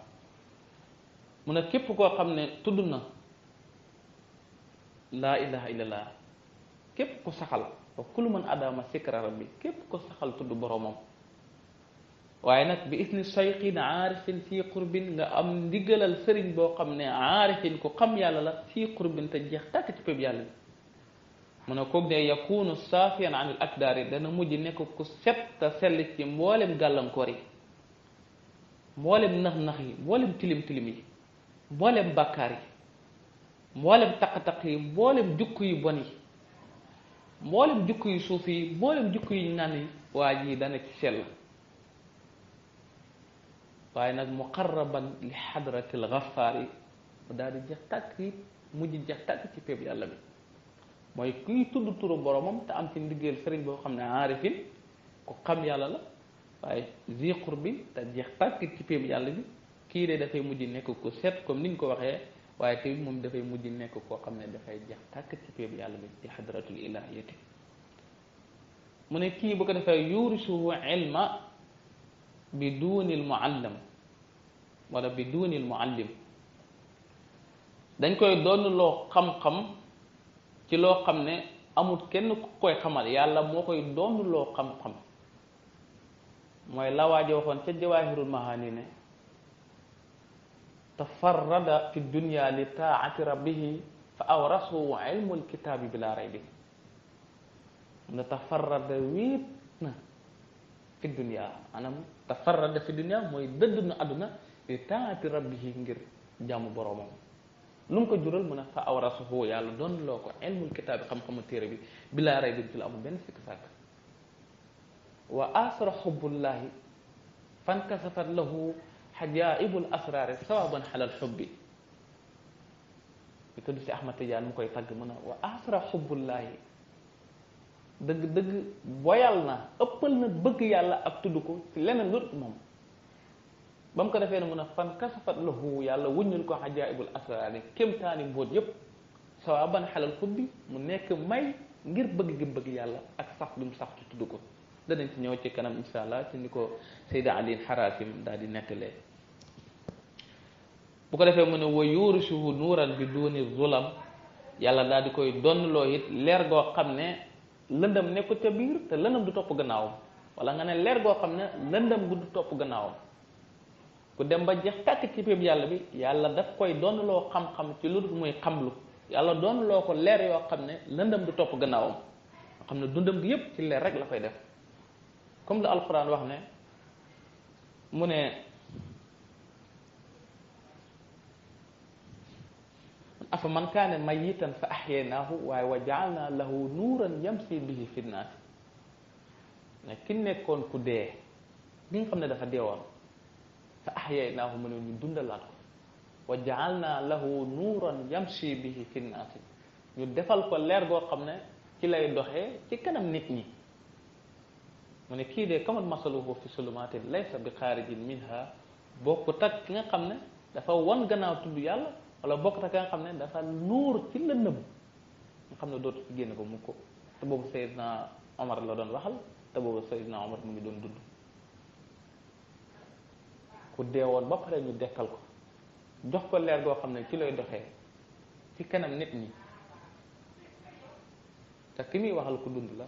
mu ne képp koo xam ne tudd na laa ilaha illallah képp ko saxal wa kullu man adama sikra rabbi képp ko saxal tudd boromam waaye nag bi isni shayqin aarifin fii qurbin nga am ndigalal sëriñ boo xam ne aarifin ku xam yàlla la fii qurbin te jeex tàkk ci péb yàlla bi mu ko de day yakunu saafiyan anil akdaar yi dana mujj nek ko set ta sel ci mbolem galam kori mbolem nakh nakh yi mbolem tilim-tilim yi mboolem bàkkaar yi mbolem tak tak yi mbolem jukku yi boni mbolem jukku yi sufi mbolem jukku nan yi waa ji dana ci sel waaye nak muqarraban li hadratil ghaffari yi mu daal yi mujj jextak ci pep yàlla bi moy kuy tuddu turu boromam te am ci ndigeel serigne bo xamne arifin ko xam yàlla la waaye zi bi ta jeex tak ci pem yàlla bi ki re da fay mujjii nek ko set comme niñ ko waxe waxee te mom da fay mujjii nek ko xamne da fay jeex tak ci pem yàlla bi ci hadratul ilahiyati mune ki bu ko defee yurisuhu ilma bi duunil muallam wala bi duunil muallim dañ koy doon loo xam ci loo xam ne amul kenn ku koy xamal yàlla moo koy doon loo xam-xam mooy la waaji waxoon ca jawahirul mahaani ne tafarrada fi dunya li taati rabbihi fa awrasahu ilmul kitaabi bila raybi na tafarrada wéet na fi dunya maanaam tafarrada fi dunya mooy dëdd na àdduna li taati rabbihi ngir jàmm boroomam lu mu ko jural mu ne fa aw rasahu yàlla doon loo ko ilmul kitaabi xam-xamu téere bi bilaa ray din ci la amul benn sikk sàkk wa asra xubbullaahi fankasafat lahu xajaibul asraari sawaban xalal xubbi bi tudd si Ahmad Tijaan mu koy tagg mu ne wa asra xubbullaahi dëgg dëgg boyal na ëppal na bëgg yàlla ak tudd ko ci leneen lu moom ba mu ko defee ne mun a fan kasafat lahu yàlla wuññul ko xajaa'ibul asraari kéemtaani mbóot yépp sawaaban xalal xubbi mu nekk may ngir bëgg gi bëgg yàlla ak sax bi mu sax ci tudd ko danañ ci ñëw ci kanam insha allah ci ni ko Seyda Ali Xaraasim daal di nettalee bu ko defee mu ne wa yuurisuhu nuuran bi duuni zulam yàlla daal di koy donnloo it leer goo xam ne lëndam nekku ca biir te lëndam du topp gannaawam wala nga ne leer goo xam ne lëndam gu topp gannaawam ku dem ba jeex tàkk ci péeb yàlla bi yàlla daf koy doon loo xam-xam ci lu dul muy lu yàlla doon loo ko leer yoo xam ne lëndëm du topp gannaawam xam ne dundam gi yépp ci leer rek la koy def comme la alquran wax ne mu ne afa man ne kaane mayitan fa ahyaynaahu waaye wa jaalna lahu nuuran yamsi bihi fi nnaasi ne ki nekkoon ku dee li nga xam ne dafa deewoon fa ahyaynahu mu ne ñu dundalaat ko wa jaalna lahu nuuran yamshi bihi fi nnaasi ñu defal ko leer goo xam ne ci lay doxee ci kanam nit ñi mu ne kii de kaman masaluhu fi sulumatin laysa bi xaarijin minha bokkut ak ki nga xam ne dafa wan gannaaw tudd yàlla wala bokkut ak ki nga xam ne dafa nuur ci lëndëm nga xam ne dootu ci génn ko mu ko te boobu Seydina Omar la doon waxal te boobu Seydina Omar mu ngi doon dund ku deewoon ba pare ñu dekkal ko jox ko leer goo xam ne ci lay doxee ci kanam nit ñi te ki muy waxal ku dund la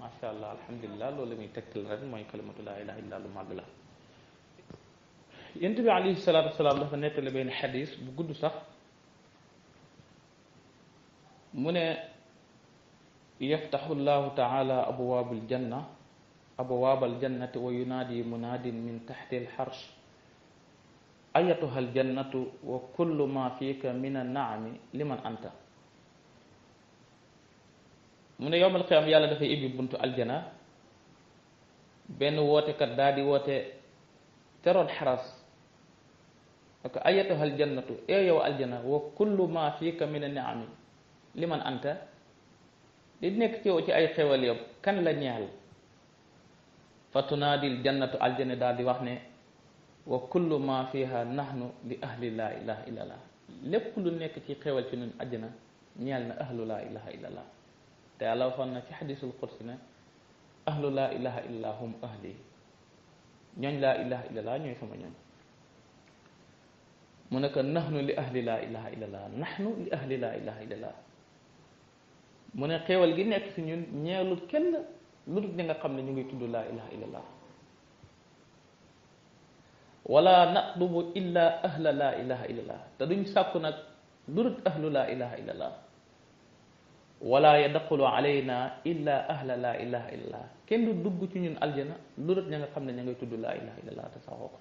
macha allah alhamdulilah loolu la muy tegtal ren mooy kalimatu laa ilaha illa lu màgg la yent bi alayhi salatu wasalaam dafa nettali benn xadis bu gudd sax mu ne yaftaxu llahu taala abwaabul janna أبواب الجنة وينادي مناد من تحت الحرش أيتها الجنة وكل ما فيك من النعم لمن أنت من يوم القيامة يالا دفي إبي بنت الجنة بين ووتي كدادي ووتي ترى الحرس أيتها الجنة أيها الجنة وكل ما فيك من النعم لمن أنت لنكتي أي خيوال يوم كان لن يهل فتنادي الجنة الجنة دا دي وحنة وكل ما فيها نحن لأهل لا إله إلا الله لب كل نيك تي قيوة تنين أجنة نيالنا أهل لا إله إلا الله تعالى وفرنا في حديث القرس أهل لا إله إلا هم أهلي نيان لا إله إلا الله نيان سما نيان منك نحن لأهل لا إله إلا الله نحن لأهل لا إله إلا الله من قيوة الجنة تنين نيالو كل lu dul ñi nga xam ne ñu ngi tudd laa ilaha illallah wala natlubu illa ahla laa ilaha illallah te duñ sàkku nag lu dul ahlu laa ilaha illallah wala yadxulu alayna illa ahla laa ilaha illallah kenn du dugg ci ñun aljana lu dul ña nga xam ne ña ngay tudd laa ilaha illallah te saxoo ko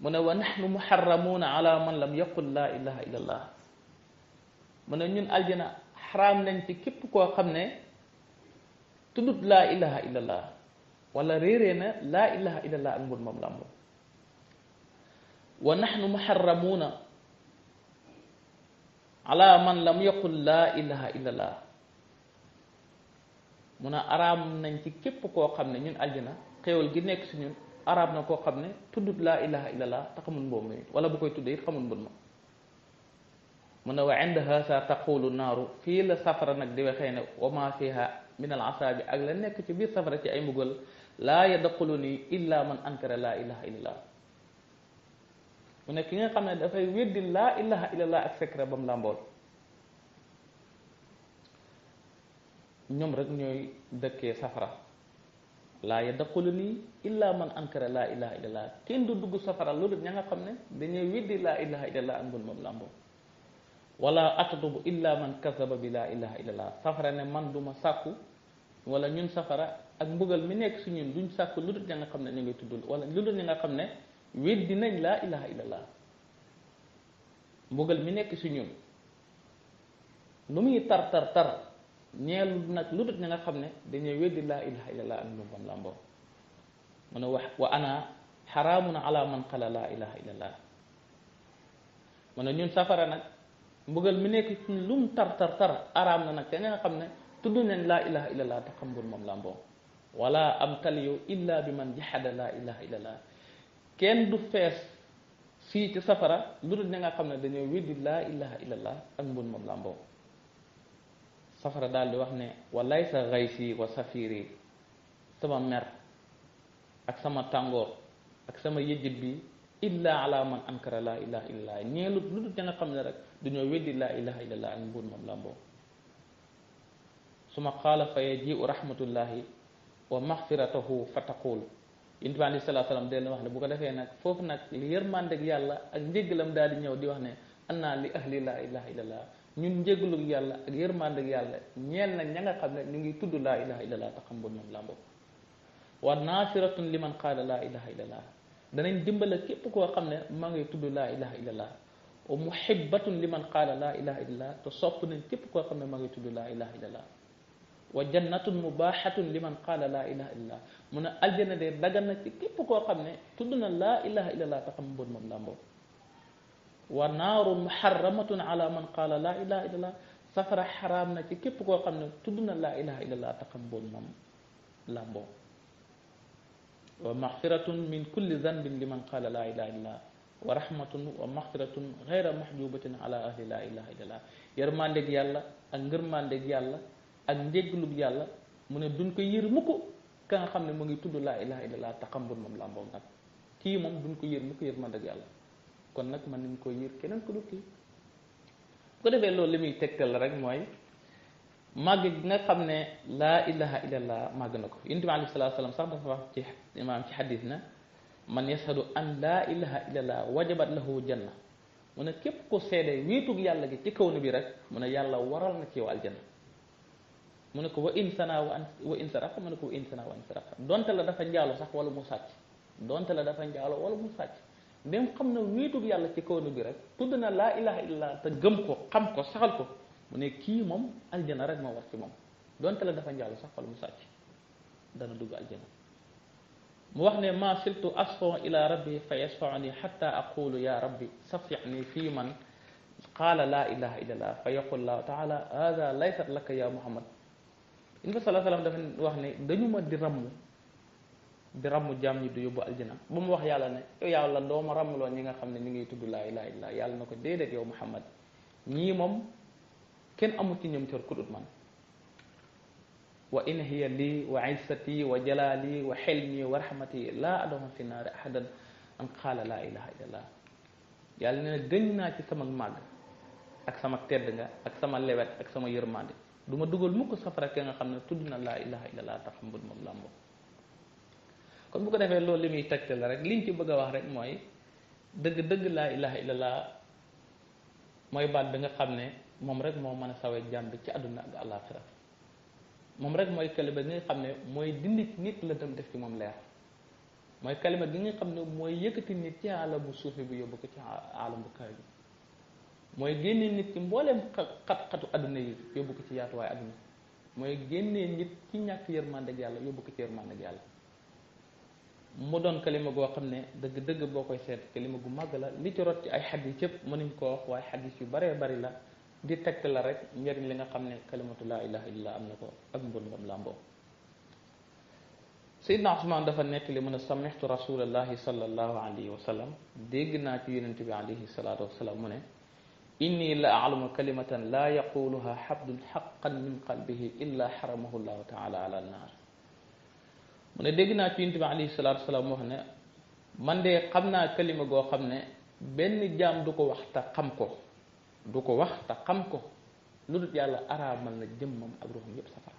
mu ne wa nahnu muharramuuna ala man lam yaqul laa ilaha illallah mu ne ñun aljana xaraam nañ ci képp koo xam ne tuddut laa ilaha illallah wala réerée na laa ilaha illallah ak mbon moom làmboo wa nahnu muharramuuna ala man lam yaqul laa ilaha illallah mun a nañ képp koo xam ne ñun aljana xéewal gi nekk si ñun araam na koo xam ne tuddut la ilaha illallah te xamul mboom mi wala bu koy tuddee it xamul mbon ma mun wa sa taqulu naaru fii la safara nag di waxee ne wa ma fiha min al asabi ak la nek ci bir safara ci ay mbugal la yadquluni illa man ankara la ilaha illallah mu ne ki nga xamne da fay weddi la ilaha illallah ak sekra bam mu làmbool rek ñoy dekké safara la yadquluni illa man ankara la ilaha illallah kenn du dugg safara loolu ña nga dañuy weddi la ilaha illallah ak ngun moom wala atlubu illa man kaza bila ilaha illallah safara ne man duma sàkku wala ñun safara ak mbugal mi nekk su ñun duñ sàkku lu dul ña nga xam ne ñu tuddul wala lu dul nga weddi nañ la ilaha illallah mbugal mi nekk su tar tar tar ñeel nag lu dul nga xam weddi la ilaha illallah ak lu bon lamboo mu ne wax wa ana xaraamun ala man qala la ilaha illallah mana ñun safara mbugal mi nekk ci lu mu tar tar tar araam na nag te ña nga xam ne tudd nañ laa ilaha illallah te xambul moom la mboo wala am taliyu illa bi man jahada laa ilaha kenn du fees fii ci safara lu dul ña nga xam ne dañoo weddi laa ilaha ak mbul moom la safara daal di wax ne walay sa xaysi wa safiri sama mer ak sama tàngoor ak sama yëjjit bi illa ala man ankara laa ilaha illallah ñeelut lu dul ña nga xam ne rek dañoo weddi laa ilaha illallah ak mbuur moom lamboo suma qaala fa yajiu rahmatullahi wa maxfiratahu fa taqul yonent bi alayhi salaatu salaam del wax ne bu ko defee nag foofu nag li yërmandeg yàlla ak njéggalam daal di ñëw di wax ne annaa li ahli laa ilaha illallah ñun njéggalug yàlla ak yërmandeg yàlla ñeel nag ña nga xam ne ñu ngi tudd laa ilaha illallah taxam mbuur moom lamboo wa naasiratun liman qaala laa ilaha illallah danañ dimbale képp ko xamné ma ngay tuddu la ilaha illallah wa muhibbatun liman qala la ilaha illallah to sopp nañ képp ko xamné ma ngay tuddu la ilaha illallah wa jannatun mubahatun liman qala la ilaha illallah muna aljana de dagan na ci képp ko xamné tuddu na la ilaha illallah ta xam bon mom lambo wa narun muharramatun ala man qala la ilaha illallah safara haram na ci képp ko xamné tuddu na la ilaha illallah ta xam bon mom lambo ومغفرة من كل ذنب لمن قال لا إله إلا الله ورحمة ومغفرة غير محجوبة على أهل لا إله إلا الله يرمان لك يا الله أنجرمان لك يا الله أنجيك لك يا الله من دون كي يرمكو كان خامل من يتود لا إله إلا الله تقنبر من لامبون كي من دون كي يرمكو يرمان لك يا الله كنك من دون كي يرمكو كنان كي كده بيلو لمي تكتل رك موي mag gi nga xam ne laa ilaha illallah mag na ko yonent bi alayhi salaatu salaam sax dafa wax ci imaam ci xadis na man yashadu an laa ilaha illallah wajabat lahu janna mu ne képp ko seede wéetug yàlla gi ci kaw ni bi rek mu ne yàlla waral na ci yow aljanna mu ne ko wa in sana wa an wa in saraqa mu ne ko wa in sana wa an saraqa donte la dafa njaalo sax wala mu sàcc donte la dafa njaalo wala mu sàcc même xam na wéetug yàlla ci kaw ni bi rek tudd na laa ilaha illallah te gëm ko xam ko saxal ko mu ne kii moom aljana rek moo war ci moom donte la dafa njaalu sax wala mu sàcc dana dugg aljana mu wax ne ma siltu asfo ila rabbi fa yasfaani xatta aqulu ya rabbi safixni fi man qala la ilaha illa allah fa yaqul taala hada laysat laka ya muhammad in fa salaa salaam dafa wax ne dañu ma di ramm di ramm jaam ñi du yóbbu aljana ba mu wax yàlla ne yow yàlla doo ma rammloo ñi nga xam ne ngi tudd laa ilaha illa yàlla na ko yow muhammad ñii moom kenn amul ci ñoom cër ku dut man wa in hiya lii wa izzati wa jalaali wa xilmi wa rahmati laa adama fi naari ahadan an qaala laa ilaha yàlla ne gëñ naa ci sama màgg ak sama tedd nga ak sama lewet ak sama yërmande du ma dugal mukk safara ke xam ne tudd na laa ilaha illallah tax mbud moom làmboo kon bu ko defee loolu li muy tegte la rek liñ ci bëgg a wax rek mooy dëgg dëgg laa ilaha mooy baat bi nga xam ne moom rek moo mën a sawee jàmm bi ci àdduna ak àllaaxira moom rek mooy kalima gi nga xam ne mooy dindi nit la dem def ci moom leer mooy kalima gi nga xam ne mooy yëkkati nit ci alam bu suufi bi yóbbu ko ci alam bu kaw bi mooy génnee nit ci mbooleem xat-xatu àdduna yi yóbbu ko ci yaatuwaay àdduna mooy génnee nit ci ñàkk yërmandeeg yàlla yóbbu ko ci yërmandeeg yàlla mu doon kalima goo xam ne dëgg-dëgg boo koy seet kalima gu màgg la li ci rot ci ay xadis yëpp mënuñ ko wax waaye xadis yu baree bari la di tegtal la rek njëriñ li nga xam ne kalimatu laa ilaha illallah am na ko ak mbon ngam làmboo Seydina Usmaan dafa nekk li mën a samixtu rasulallahi sallallahu alayhi wa dégg naa ci yonent bi alayhi salaatu mu ne inni la alamu kalimatan laa yaquluha xabdun xaqan min qalbihi illa xaramahu llahu taala ala naar mu ne dégg naa ci yonent bi alayhi salaatu wasalaam ne man de xam naa kalima goo xam ne benn jaam du ko wax te ko du ko wax te xam ko lu dul yàlla araamal na jëmmam ak ruuxam yépp safara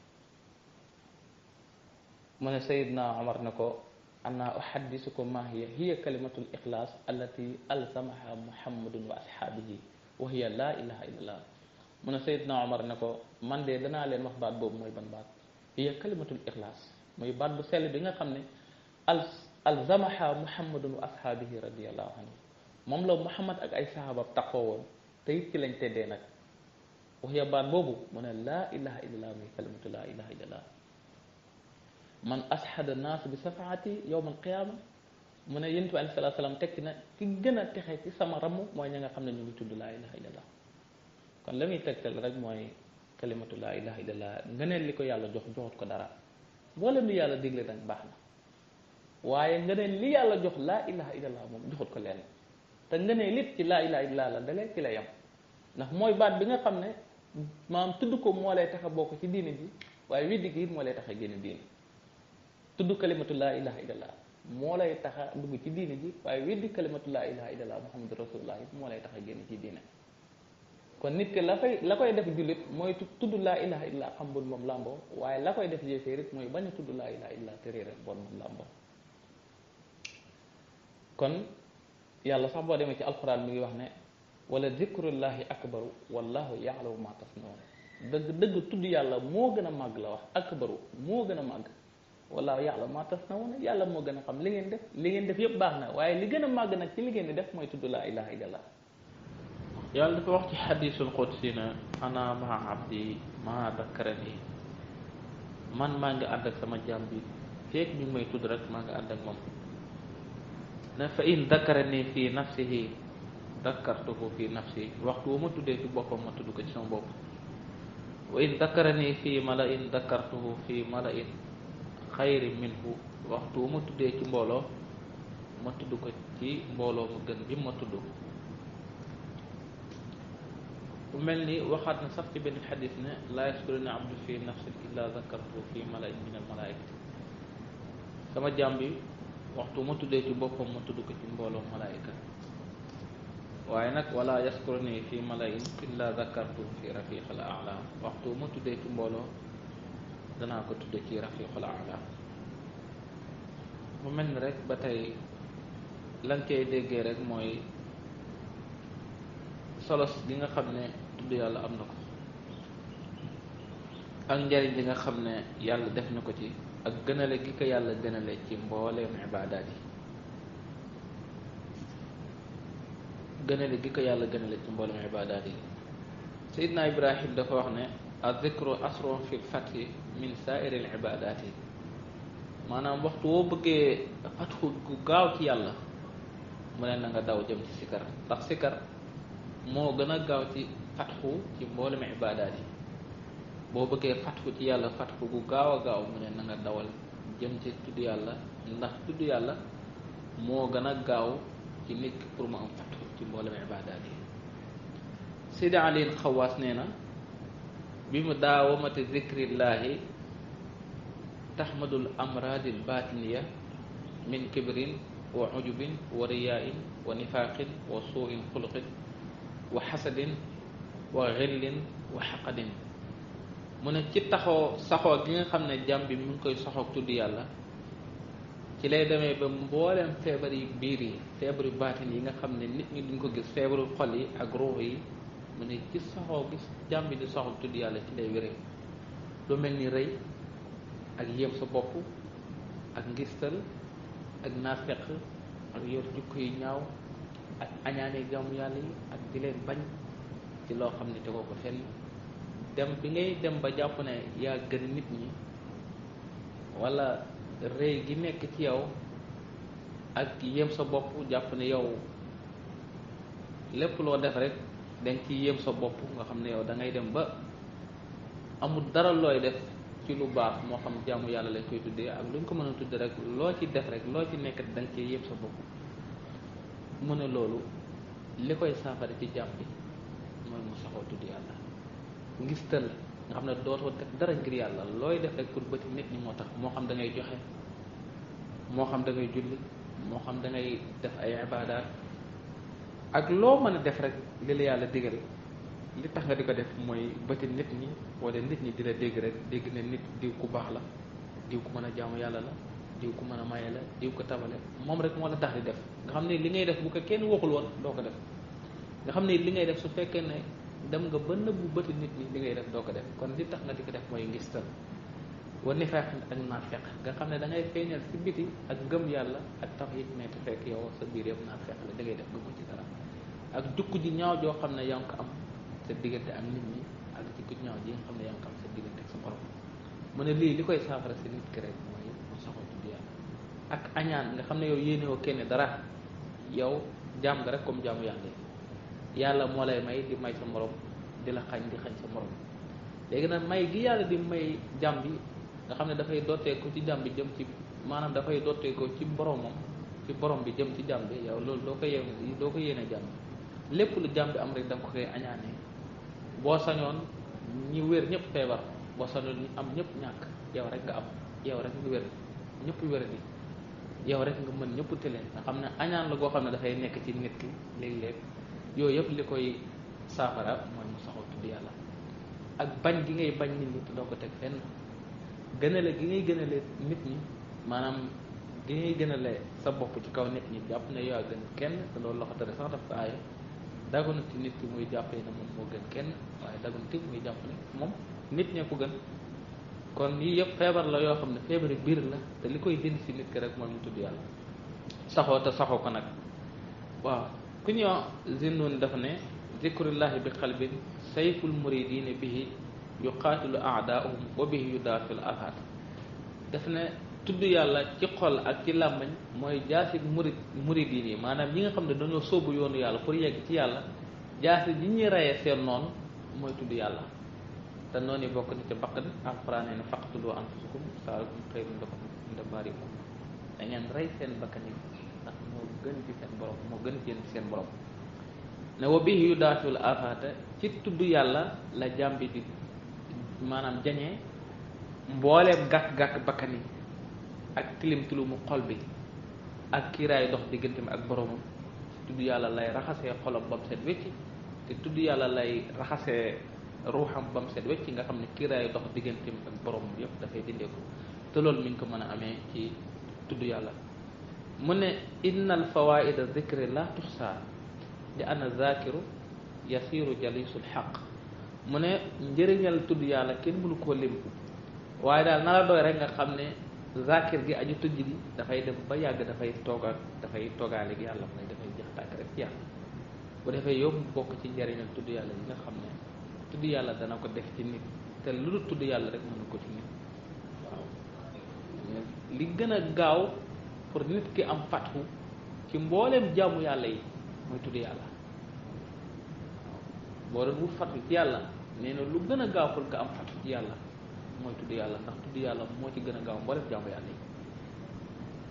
mu ne sayidna omar ne ko ana uhaddisukum ma hiya hiya kalimatul ixlaas allati alsamaha muhammadun wa ashaabihi wa hiya laa mu ko man de danaa leen wax baat boobu mooy ban baat hiya kalimatul ixlaas muy baat bu sell bi nga xam ne al alsamaha muhammadun wa ashaabihi radiallahu anhu moom la muhammad ak ay sahabab taqoo woon te it ci lañ teddee nag wax baat boobu mu ne laa ilaha illallah muy kalimatu laa ilaha illallah man ashada naas bi safaati yowm alqiyaama mu ne yonent bi alayhi salaatu salaam tekki na ki gën a texe ci sama ramu mooy ña nga xam ne ñu ngi tudd laa ilaha illallah kon la muy teg tegtal rek mooy kalimatu laa ilaha illallah ngëneel li ko yàlla jox joxut ko dara mboolem li yàlla digle nag baax na waaye ngëneel li yàlla jox laa ilaha illallah moom joxut ko lenn te nga ne lépp ci laa ilaha illa la dalee ci la yem ndax mooy baat bi nga xam ne maam tudd ko moo lay tax bokk ci diine bi waaye weddi gi it moo lay tax a génn diine tudd kalimatu laa ilaha illallah moo tax a dugg ci diine ji waaye weddi kalimatu laa ilaha illallah muhammadu rasulullah it moo lay tax a génn ci diine kon nit ki la fay la koy def jullit mooy tudd laa ilaha illallah xam bon moom làmboo waaye la koy def yéeféer it mooy bañ a tudd laa ilaha illallah te réere bon moom làmboo kon yàlla sax boo demee ci alxuraan mi ngi wax ne wala dikrullahi akbaru wallahu yaalamu ma tasnaun dëgg dëgg tudd yàlla moo gën a màgg la wax akbaru moo gën a màgg wallahu yaalamu ma tasnaun yàlla moo gën a xam li ngeen def li ngeen def yëpp baax na waaye li gën a màgg nag ci li ngeen di def mooy tudd laa ilaha illallah yàlla dafa wax ci xadisul qudsi na ana maa abdi maa dakkarani man maa ngi ànd ak sama jàmm bi feeg mi ngi may tudd rek maa ngi ànd ak moom ne fa in dakarani fii nafsihi dakartuhu fii nafsi waxtu wu ma tuddee ci boppam ma tudd ko ci sama bopp wa in dakarani fi mala in dakartuhu fii mala in xayri minhu waxtu wu ma tuddee ci mbooloo ma tudd ko ci mbooloo mu gën bi ma tudd bu mel ni waxaat na sax ci benn xadis ne laa yaskuruna abdu fi nafsin illa dakartuhu fii mala in min al sama jàmm waxtu ma tuddee ci boppam ma tudd ko ci mbooloo malaayika waaye nag wala yaskuru nii fi malayin illa zakartu fi rafiqal ala waxtu ma tuddee ci mbooloo danaa ko tudd ci rafiqal ala mu mel ni rek ba tey lan koy déggee rek mooy solos gi nga xam ne tudd yàlla am na ko ak njëriñ li nga xam ne yàlla def na ko ci ak gënale ki ko yàlla gënale ci mbooleem ibaadaat yi gënale gi ko yàlla gënale ci mboolem ibaadaat yi sayidna ibrahim dafa wax ne azikru asron fi lfatxi min saairi l ibaadaat yi maanaam waxtu woo bëggee fatxu gu gaaw ci yàlla mu ne na nga daw jëm ci sikar ndax sikar moo gën a gaaw ci fatxu ci mboolem ibaadaat yi boo bëggee fatku ci yàlla fatku gu gaaw a gaaw mu ne na nga dawal jëm ci tudd yàlla ndax tudd yàlla moo gën a gaaw ci nit pour mu am fatku ci mboolem ibaadaat yi Sidi Aliin Xawaas nee na bi mu daawamati zikrillaahi taxmadul amraadil baatiniya min kibrin wa ujubin wa riyaain wa nifaaqin wa suuin xuluqin wa xasadin wa xillin wa xaqadin mu ne ci taxoo saxoo gi nga xam ne jàmm bi mu ngi koy soxoog tudd yàlla ci lay demee ba mbooleem feebar yi biir yi yu baatin yi nga xam ne nit ñi duñ ko gis feebaru xol yi ak ruux yi mu ne ci soxoo gi jàmm bi di soxoog tudd yàlla ci lay wéree lu mel ni rey ak yéem sa bopp ak ngistal ak naafeq ak yor jukko yu ñaaw ak añaane jaamu yàlla yi ak di leen bañ ci loo xam ne tegoo ko fenn dem bi ngay dem ba jàpp ne yaa gën nit ñi wala rëy gi nekk ci yow ak yéem sa bopp jàpp ne yow lépp loo def rek danga ci yéem sa bopp nga xam ne yow da dem ba amul dara looy def ci lu baax moo xam jaamu yàlla lañ koy tuddee ak luñ ko mën a tuddee rek loo ci def rek loo ci nekk da nga ci yéem sa bopp mu ne loolu li koy saafara ci jàpp bi mooy mu saxoo tudd yàlla ngistal nga xam ne dootoo teg dara ngir yàlla looy def rek pour bëti nit ñi moo tax moo xam da ngay joxe moo xam da ngay julli moo xam da def ay ibaadaat ak loo mën a def rek li la yàlla digal li tax nga di ko def mooy bëti nit ñi wala nit ñi di la dégg rek dégg ne nit diw ku baax la diw ku mën a jaamu yàlla la diw ku mën a maye la diw ko tabale moom rek moo la tax di def nga xam ne li ngay def bu ko kenn waxul woon doo ko def nga xam ne li ngay dem nga ba bu bëtt nit ñi li ngay def doo ko def kon li tax nga di ko def mooy ngistal wa nifaq ak nafiq nga xam ne da ngay feeñal si biti ak gëm yàlla ak tawhid mais te fekk yow sa biir yëpp nafiq la da ngay def gëmu ci dara ak jukku ji ñaaw joo xam ne yaa ngi ko am sa diggante ak nit ñi ak ji ñaaw ji nga xam ne yaa ngi ko am sa diggante ak sa borom mu ne lii li koy saafara si nit ki rek mooy mu soxal tudd yàlla ak añaan nga xam ne yow yéene woo kenn dara yow jaam nga rek comme jaamu yàlla yàlla moo lay may di may sa morom di la xañ di xañ sa morom léegi nag may gi yàlla di may jàmbi nga xam ne dafay dotteeku ci jàmbi jëm ci maanaam dafay dotteeku ci boromam ci borom bi jëm ci jàmm bi loolu doo ko yéene doo ko yéene jàmm lépp lu jàmm am rek da nga ko koy añaanee boo sañoon ñi wér ñëpp feebar boo sañoon ñi am ñëpp ñàkk yow rek nga am yow rek nga wér ñëpp wér di yow rek nga mën ñëpp tële nga xam ne añaan la goo xam ne dafay nekk ci nit ki léeg Yo, yëpp li koy saafara mooy mu saxoo tudd yàlla ak bañ gi ngay bañ nit ni tuddoo ko tek fenn gënalé gi ngay gënalé nit ni manam gi ngay gënalé sa bop ci kaw nit ni japp ne yo gën kenn da loolu la ko tere sax daf ko aaye nit ki muy jappé na mom mo gën kenn muy japp ne mom nit ñe ko gën kon yi yep febar la yo xam febar feebari biir la te likoy koy dindi si nit ki rek mooy mu tuddi yalla saxo ta saxo ko nak waaw ku ñuy wax zinnoon dafa ne zikrullahi bi xalbin sayful muridina bihi yuqaatilu aadaahum wa bihi yudaafil afat daf ne tudd yàlla ci xol ak ci làmmañ mooy jaasi murid murid yi maanaam ñi nga xam ne dañoo sóobu yoonu yàlla pour yegg ci yàlla jaasi ji ñuy reyee seen noonu mooy tudd yàlla te noon yi bokk na ca baqan alquran ne faqtulu anfusakum saalakum xayrun lakum inda baarikum da rey seen bakkan ndax moo gën ci seen borom moo gën ci seen borom ne wa bihi yudaatul afata ci tudd yàlla la jàmbi di maanaam jañee mbooleem gàkk-gàkk bakkan yi ak tilim tilimu xol bi ak kiiraay dox digganteem ak boromam tudd yàlla lay raxasee xolam bam set wecci te tudd yàlla lay raxasee ruuxam bam set wecci nga xam ne kiiraay dox digganteem ak boromam yëpp dafay dindee ko te loolu mi ngi ko mën a amee ci tudd yàlla mu ne innal fawaida dicri la tuxsa di ana zakiru yasiru jalisul xaq mu ne njëriñal tudd yàlla kenn mënu koo lim waaye daal na la doy rek nga xam ne zakir gi aju tudd gi dafay dem ba yàgg dafay tooga dafay toogaale yàlla mu ne dafay jeex tàkk rek yàlla bu defee yow bokk ci njëriñal tudd yàlla yi nga xam ne tudd yàlla dana ko def ci nit te lu dul tudd yàlla rek mënu ko ci nit waaw li gën a gaaw pour nit ki am fatxu ci mbooleem jaamu yàlla yi mooy tudd yàlla boo doon wut fatxu ci yàlla nee na lu gën a gaaw pour nga am fatxu ci yàlla mooy tudd yàlla ndax tudd yàlla moo ci gën a gaaw mbooleem jaamu yàlla yi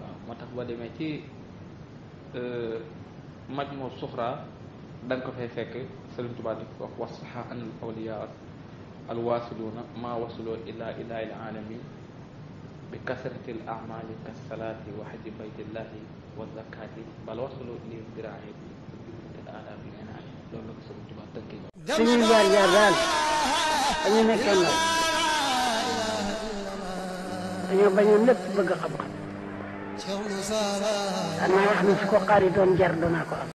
waaw moo tax boo demee ci euh, maj moo suxraa da ko fay fekk Sëriñ Tuubaa di ko wax wasaxa an al awliya al waasiluuna maa wasiloo illaa ilaa alamin بكثرة الأعمال كالصلاة وحج بيت الله والزكاة بل وصلوا إلى ذراع الآلاف العناية لو نقصد تبعتك سنين دار يا رال أنا أيوة، نكمل أنا بني نت بقى قبقى أنا واحد مشكو قاري دون جردنا قبقى